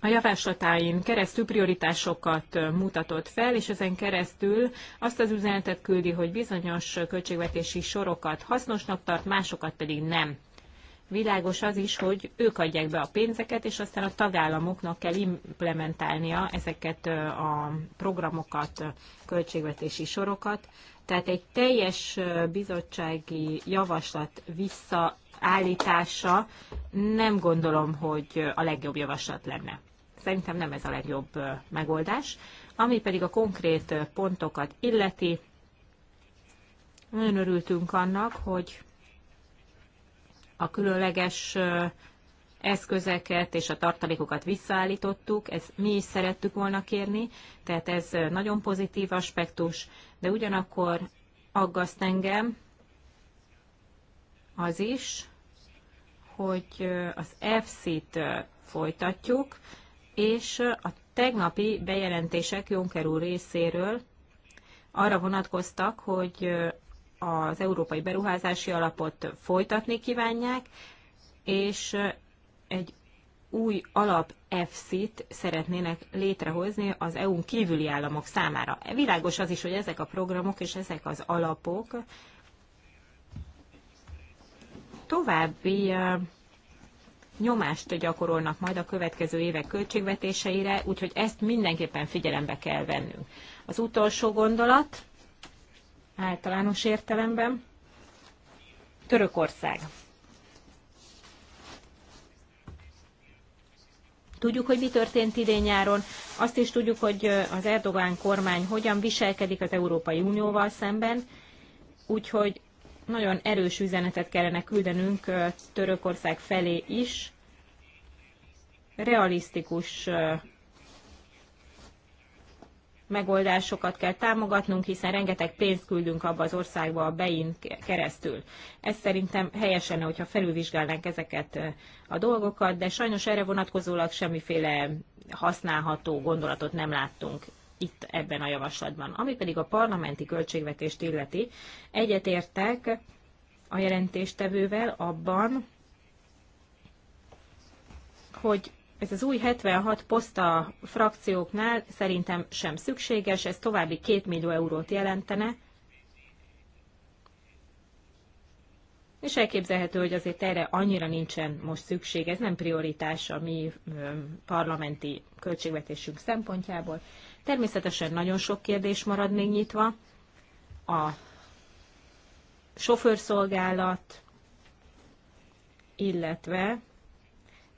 a javaslatáin keresztül prioritásokat mutatott fel, és ezen keresztül azt az üzenetet küldi, hogy bizonyos költségvetési sorokat hasznosnak tart, másokat pedig nem. Világos az is, hogy ők adják be a pénzeket, és aztán a tagállamoknak kell implementálnia ezeket a programokat, költségvetési sorokat. Tehát egy teljes bizottsági javaslat vissza állítása nem gondolom, hogy a legjobb javaslat lenne. Szerintem nem ez a legjobb megoldás. Ami pedig a konkrét pontokat illeti, nagyon örültünk annak, hogy a különleges eszközeket és a tartalékokat visszaállítottuk, ezt mi is szerettük volna kérni, tehát ez nagyon pozitív aspektus, de ugyanakkor aggaszt engem az is, hogy az FC-t folytatjuk, és a tegnapi bejelentések Juncker úr részéről arra vonatkoztak, hogy az Európai Beruházási Alapot folytatni kívánják, és egy új alap EFSZ-t szeretnének létrehozni az EU-n kívüli államok számára. Világos az is, hogy ezek a programok és ezek az alapok további nyomást gyakorolnak majd a következő évek költségvetéseire, úgyhogy ezt mindenképpen figyelembe kell vennünk. Az utolsó gondolat általános értelemben Törökország. Tudjuk, hogy mi történt idén nyáron, azt is tudjuk, hogy az Erdogán kormány hogyan viselkedik az Európai Unióval szemben, úgyhogy nagyon erős üzenetet kellene küldenünk Törökország felé is, realisztikus megoldásokat kell támogatnunk, hiszen rengeteg pénzt küldünk abba az országba a bein keresztül. Ez szerintem helyesen, hogyha felülvizsgálnánk ezeket a dolgokat, de sajnos erre vonatkozólag semmiféle használható gondolatot nem láttunk itt ebben a javaslatban. Ami pedig a parlamenti költségvetést illeti, egyetértek a jelentéstevővel abban, hogy ez az új 76 poszta frakcióknál szerintem sem szükséges, ez további 2 millió eurót jelentene, és elképzelhető, hogy azért erre annyira nincsen most szükség, ez nem prioritás a mi parlamenti költségvetésünk szempontjából, Természetesen nagyon sok kérdés marad még nyitva. A sofőrszolgálat, illetve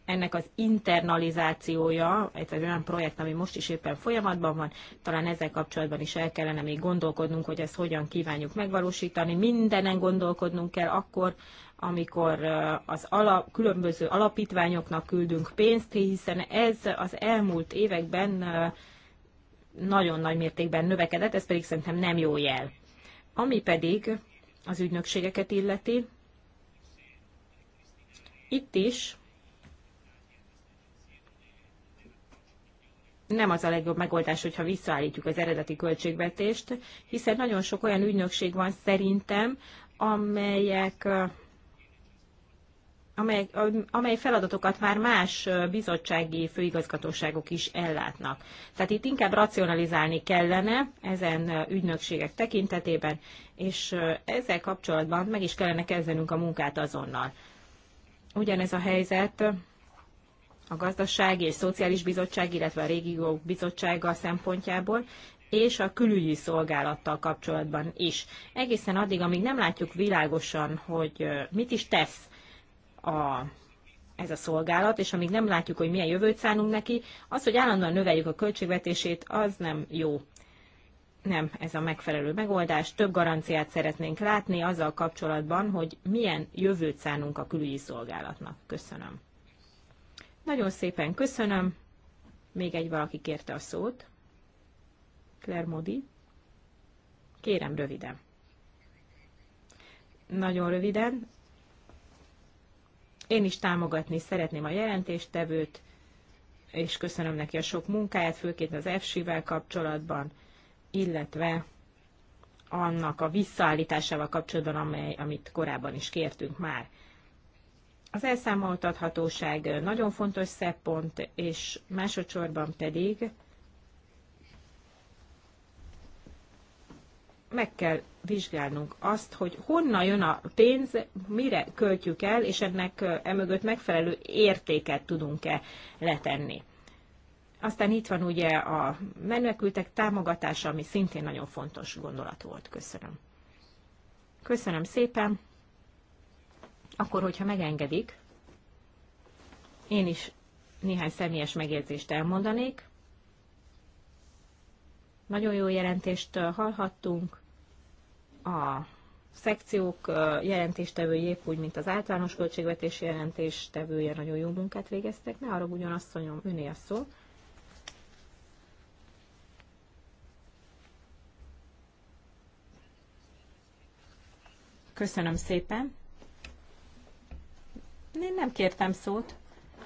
ennek az internalizációja, ez egy olyan projekt, ami most is éppen folyamatban van, talán ezzel kapcsolatban is el kellene még gondolkodnunk, hogy ezt hogyan kívánjuk megvalósítani. Mindenen gondolkodnunk kell akkor, amikor az ala különböző alapítványoknak küldünk pénzt, hiszen ez az elmúlt években nagyon nagy mértékben növekedett, ez pedig szerintem nem jó jel. Ami pedig az ügynökségeket illeti, itt is nem az a legjobb megoldás, hogyha visszaállítjuk az eredeti költségvetést, hiszen nagyon sok olyan ügynökség van szerintem, amelyek amely, amely feladatokat már más bizottsági főigazgatóságok is ellátnak. Tehát itt inkább racionalizálni kellene ezen ügynökségek tekintetében, és ezzel kapcsolatban meg is kellene kezdenünk a munkát azonnal. Ugyanez a helyzet a gazdasági és szociális bizottság, illetve a régió bizottsága szempontjából, és a külügyi szolgálattal kapcsolatban is. Egészen addig, amíg nem látjuk világosan, hogy mit is tesz a, ez a szolgálat, és amíg nem látjuk, hogy milyen jövőt szánunk neki, az, hogy állandóan növeljük a költségvetését, az nem jó. Nem, ez a megfelelő megoldás. Több garanciát szeretnénk látni azzal kapcsolatban, hogy milyen jövőt szánunk a külügyi szolgálatnak. Köszönöm. Nagyon szépen köszönöm. Még egy valaki kérte a szót. Claire Modi. Kérem röviden. Nagyon röviden. Én is támogatni szeretném a jelentéstevőt, és köszönöm neki a sok munkáját, főként az EFSI-vel kapcsolatban, illetve annak a visszaállításával kapcsolatban, amely, amit korábban is kértünk már. Az elszámoltathatóság nagyon fontos szempont, és másodszorban pedig meg kell vizsgálnunk azt, hogy honnan jön a pénz, mire költjük el, és ennek emögött megfelelő értéket tudunk-e letenni. Aztán itt van ugye a menekültek támogatása, ami szintén nagyon fontos gondolat volt. Köszönöm. Köszönöm szépen. Akkor, hogyha megengedik, én is néhány személyes megjegyzést elmondanék. Nagyon jó jelentést hallhattunk, a szekciók jelentéstevői, épp úgy, mint az általános költségvetési jelentéstevője nagyon jó munkát végeztek. Ne arra azt öné a szó. Köszönöm szépen. Én nem kértem szót.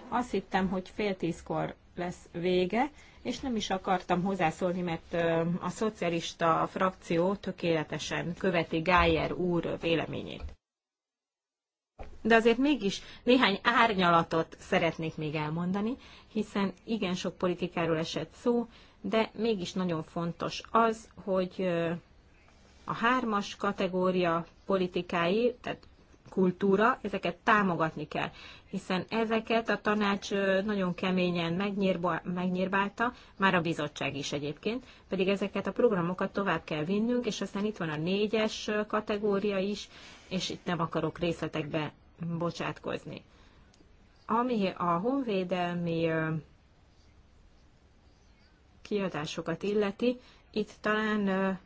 Azt hittem, hogy fél tízkor lesz vége, és nem is akartam hozzászólni, mert a szocialista frakció tökéletesen követi Gájer úr véleményét. De azért mégis néhány árnyalatot szeretnék még elmondani, hiszen igen sok politikáról esett szó, de mégis nagyon fontos az, hogy a hármas kategória politikái, tehát kultúra, ezeket támogatni kell, hiszen ezeket a tanács nagyon keményen megnyírba, megnyírbálta, már a bizottság is egyébként, pedig ezeket a programokat tovább kell vinnünk, és aztán itt van a négyes kategória is, és itt nem akarok részletekbe bocsátkozni. Ami a honvédelmi kiadásokat illeti, itt talán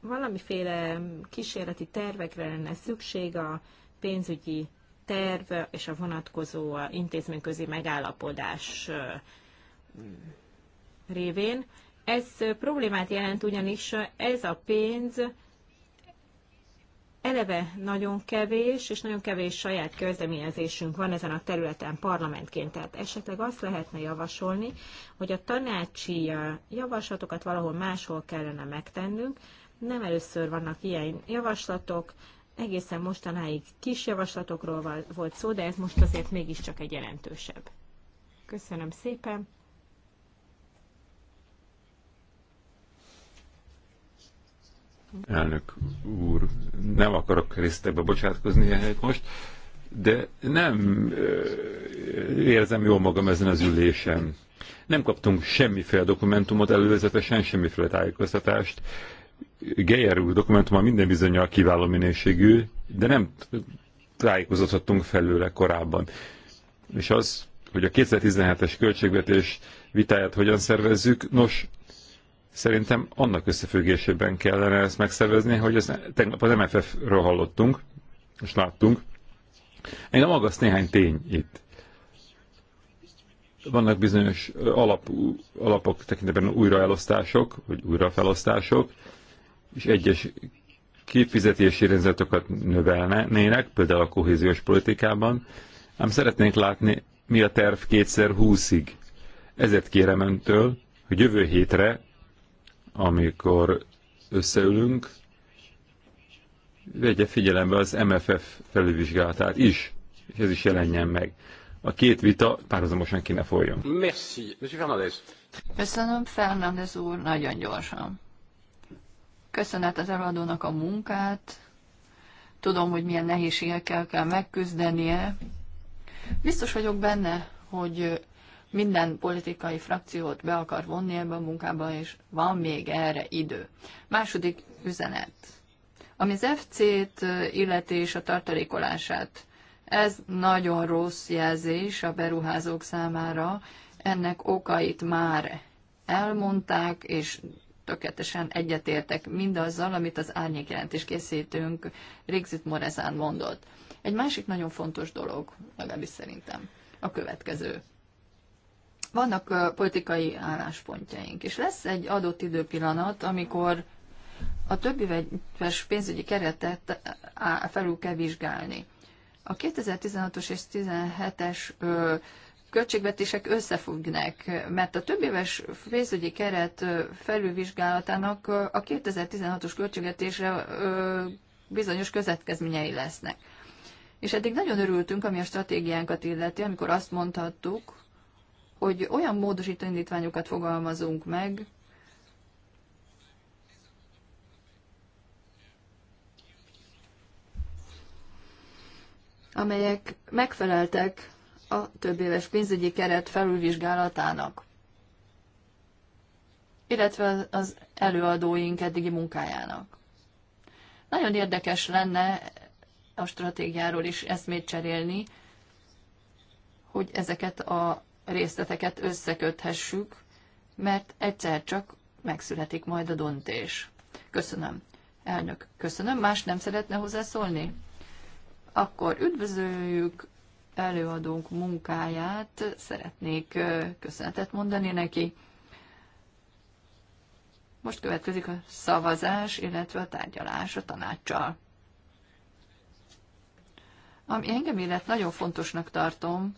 valamiféle kísérleti tervekre lenne szükség a pénzügyi terv és a vonatkozó intézményközi megállapodás révén. Ez problémát jelent ugyanis ez a pénz eleve nagyon kevés, és nagyon kevés saját kezdeményezésünk van ezen a területen parlamentként. Tehát esetleg azt lehetne javasolni, hogy a tanácsi javaslatokat valahol máshol kellene megtennünk, nem először vannak ilyen javaslatok, egészen mostanáig kis javaslatokról volt szó, de ez most azért mégiscsak egy jelentősebb. Köszönöm szépen! Elnök úr, nem akarok résztekbe bocsátkozni ehhez most, de nem érzem jól magam ezen az ülésen. Nem kaptunk semmiféle dokumentumot előzetesen, semmiféle tájékoztatást Geyer úr dokumentuma minden bizonyal kiváló minőségű, de nem tájékozódhattunk felőle korábban. És az, hogy a 2017-es költségvetés vitáját hogyan szervezzük, nos, szerintem annak összefüggésében kellene ezt megszervezni, hogy ezt tegnap az MFF-ről hallottunk, és láttunk. a magas néhány tény itt. Vannak bizonyos alap, alapok tekintetben újraelosztások, vagy újrafelosztások, és egyes kifizetési rendszereket növelnének, például a kohéziós politikában, ám szeretnénk látni, mi a terv kétszer húszig. Ezért kérem öntől, hogy jövő hétre, amikor összeülünk, vegye figyelembe az MFF felülvizsgálatát is, és ez is jelenjen meg. A két vita párhuzamosan kéne folyjon. Merci. Monsieur Fernandez. Köszönöm, Fernandez úr, nagyon gyorsan. Köszönet az előadónak a munkát. Tudom, hogy milyen nehézségekkel kell megküzdenie. Biztos vagyok benne, hogy minden politikai frakciót be akar vonni ebbe a munkába, és van még erre idő. Második üzenet. Ami az FC-t illeti és a tartalékolását, ez nagyon rossz jelzés a beruházók számára. Ennek okait már elmondták, és tökéletesen egyetértek mindazzal, amit az árnyékjelentés készítőnk Rigzit Morezán mondott. Egy másik nagyon fontos dolog, legalábbis szerintem, a következő. Vannak politikai álláspontjaink, és lesz egy adott időpillanat, amikor a többi éves pénzügyi keretet felül kell vizsgálni. A 2016-os és 2017-es költségvetések összefüggnek, mert a több éves pénzügyi keret felülvizsgálatának a 2016-os költségvetésre bizonyos következményei lesznek. És eddig nagyon örültünk, ami a stratégiánkat illeti, amikor azt mondhattuk, hogy olyan módosító indítványokat fogalmazunk meg, amelyek megfeleltek a több éves pénzügyi keret felülvizsgálatának, illetve az előadóink eddigi munkájának. Nagyon érdekes lenne a stratégiáról is eszmét cserélni, hogy ezeket a részleteket összeköthessük, mert egyszer csak megszületik majd a döntés. Köszönöm. Elnök, köszönöm. Más nem szeretne hozzászólni? Akkor üdvözöljük előadónk munkáját. Szeretnék köszönetet mondani neki. Most következik a szavazás, illetve a tárgyalás a tanácssal. Ami engem illet nagyon fontosnak tartom,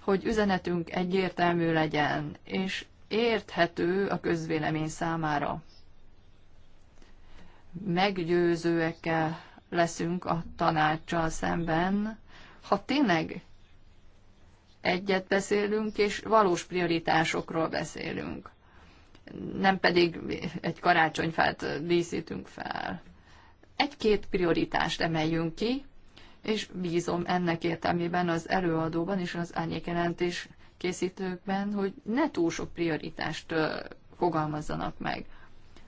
hogy üzenetünk egyértelmű legyen, és érthető a közvélemény számára. Meggyőzőekkel leszünk a tanácssal szemben, ha tényleg egyet beszélünk, és valós prioritásokról beszélünk, nem pedig egy karácsonyfát díszítünk fel. Egy-két prioritást emeljünk ki, és bízom ennek értelmében az előadóban és az árnyékjelentés készítőkben, hogy ne túl sok prioritást fogalmazzanak meg.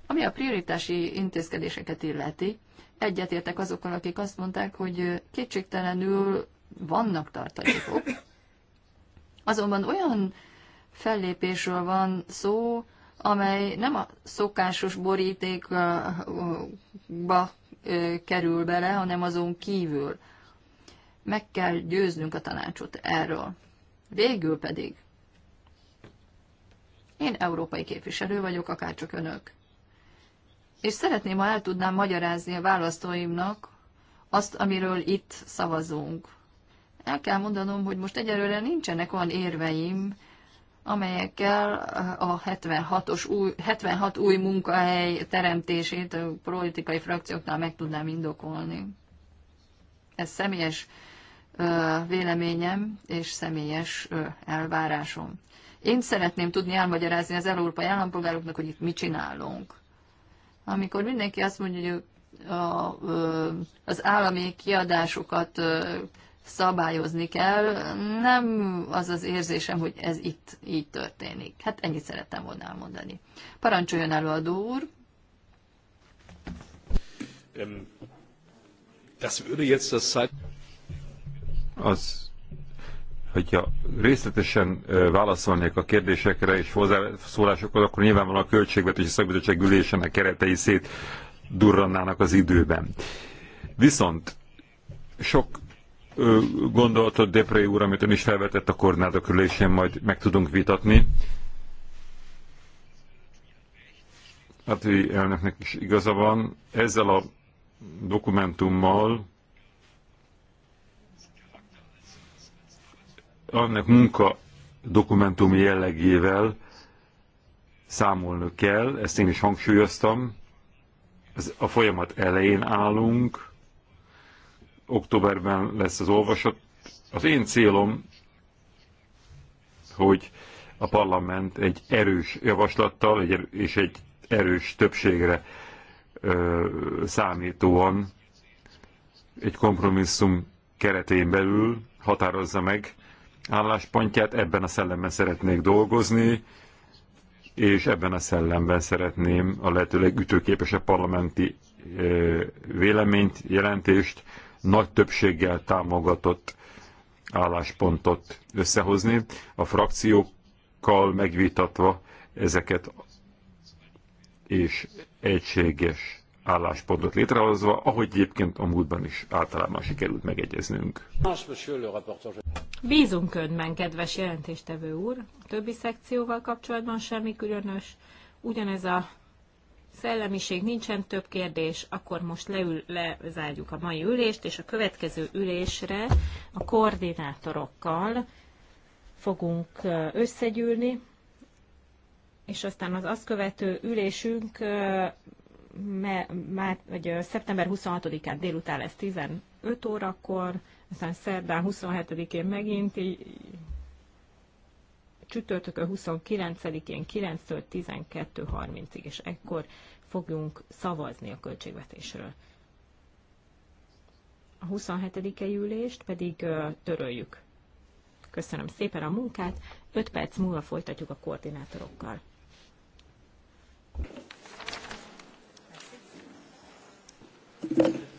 Ami a prioritási intézkedéseket illeti, egyetértek azokkal, akik azt mondták, hogy kétségtelenül vannak tartalékok. Azonban olyan fellépésről van szó, amely nem a szokásos borítékba kerül bele, hanem azon kívül. Meg kell győznünk a tanácsot erről. Végül pedig én európai képviselő vagyok, akárcsak önök. És szeretném, ha el tudnám magyarázni a választóimnak azt, amiről itt szavazunk. El kell mondanom, hogy most egyelőre nincsenek olyan érveim, amelyekkel a 76-os új, 76 új munkahely teremtését a politikai frakcióknál meg tudnám indokolni. Ez személyes véleményem és személyes elvárásom. Én szeretném tudni elmagyarázni az európai állampolgároknak, hogy itt mit csinálunk. Amikor mindenki azt mondja, hogy a, az állami kiadásokat szabályozni kell. Nem az az érzésem, hogy ez itt így történik. Hát ennyit szerettem volna elmondani. Parancsoljon előadó úr! Az, hogyha részletesen válaszolnék a kérdésekre és hozzászólásokat, akkor van a költségvetési szakbizottság ülésének keretei szét durrannának az időben. Viszont sok gondolatot Depré úr, amit ön is felvetett a koordinátok ülésén, majd meg tudunk vitatni. Hát elnöknek is igaza van. Ezzel a dokumentummal annak munka dokumentum jellegével számolni kell, ezt én is hangsúlyoztam. a folyamat elején állunk, októberben lesz az olvasat. Az én célom, hogy a parlament egy erős javaslattal és egy erős többségre ö, számítóan egy kompromisszum keretén belül határozza meg álláspontját, ebben a szellemben szeretnék dolgozni, és ebben a szellemben szeretném a lehetőleg ütőképesebb parlamenti véleményt, jelentést nagy többséggel támogatott álláspontot összehozni, a frakciókkal megvitatva ezeket és egységes álláspontot létrehozva, ahogy egyébként a múltban is általában sikerült megegyeznünk. Bízunk önben, kedves jelentéstevő úr, a többi szekcióval kapcsolatban semmi különös. Ugyanez a szellemiség, nincsen több kérdés, akkor most leül, lezárjuk a mai ülést, és a következő ülésre a koordinátorokkal fogunk összegyűlni, és aztán az azt követő ülésünk már, vagy szeptember 26-án délután lesz 15 órakor, aztán szerdán 27-én megint csütörtökön 29-én 9-től 12.30-ig, és ekkor fogjunk szavazni a költségvetésről. A 27. ülést pedig töröljük. Köszönöm szépen a munkát, 5 perc múlva folytatjuk a koordinátorokkal. Thank you.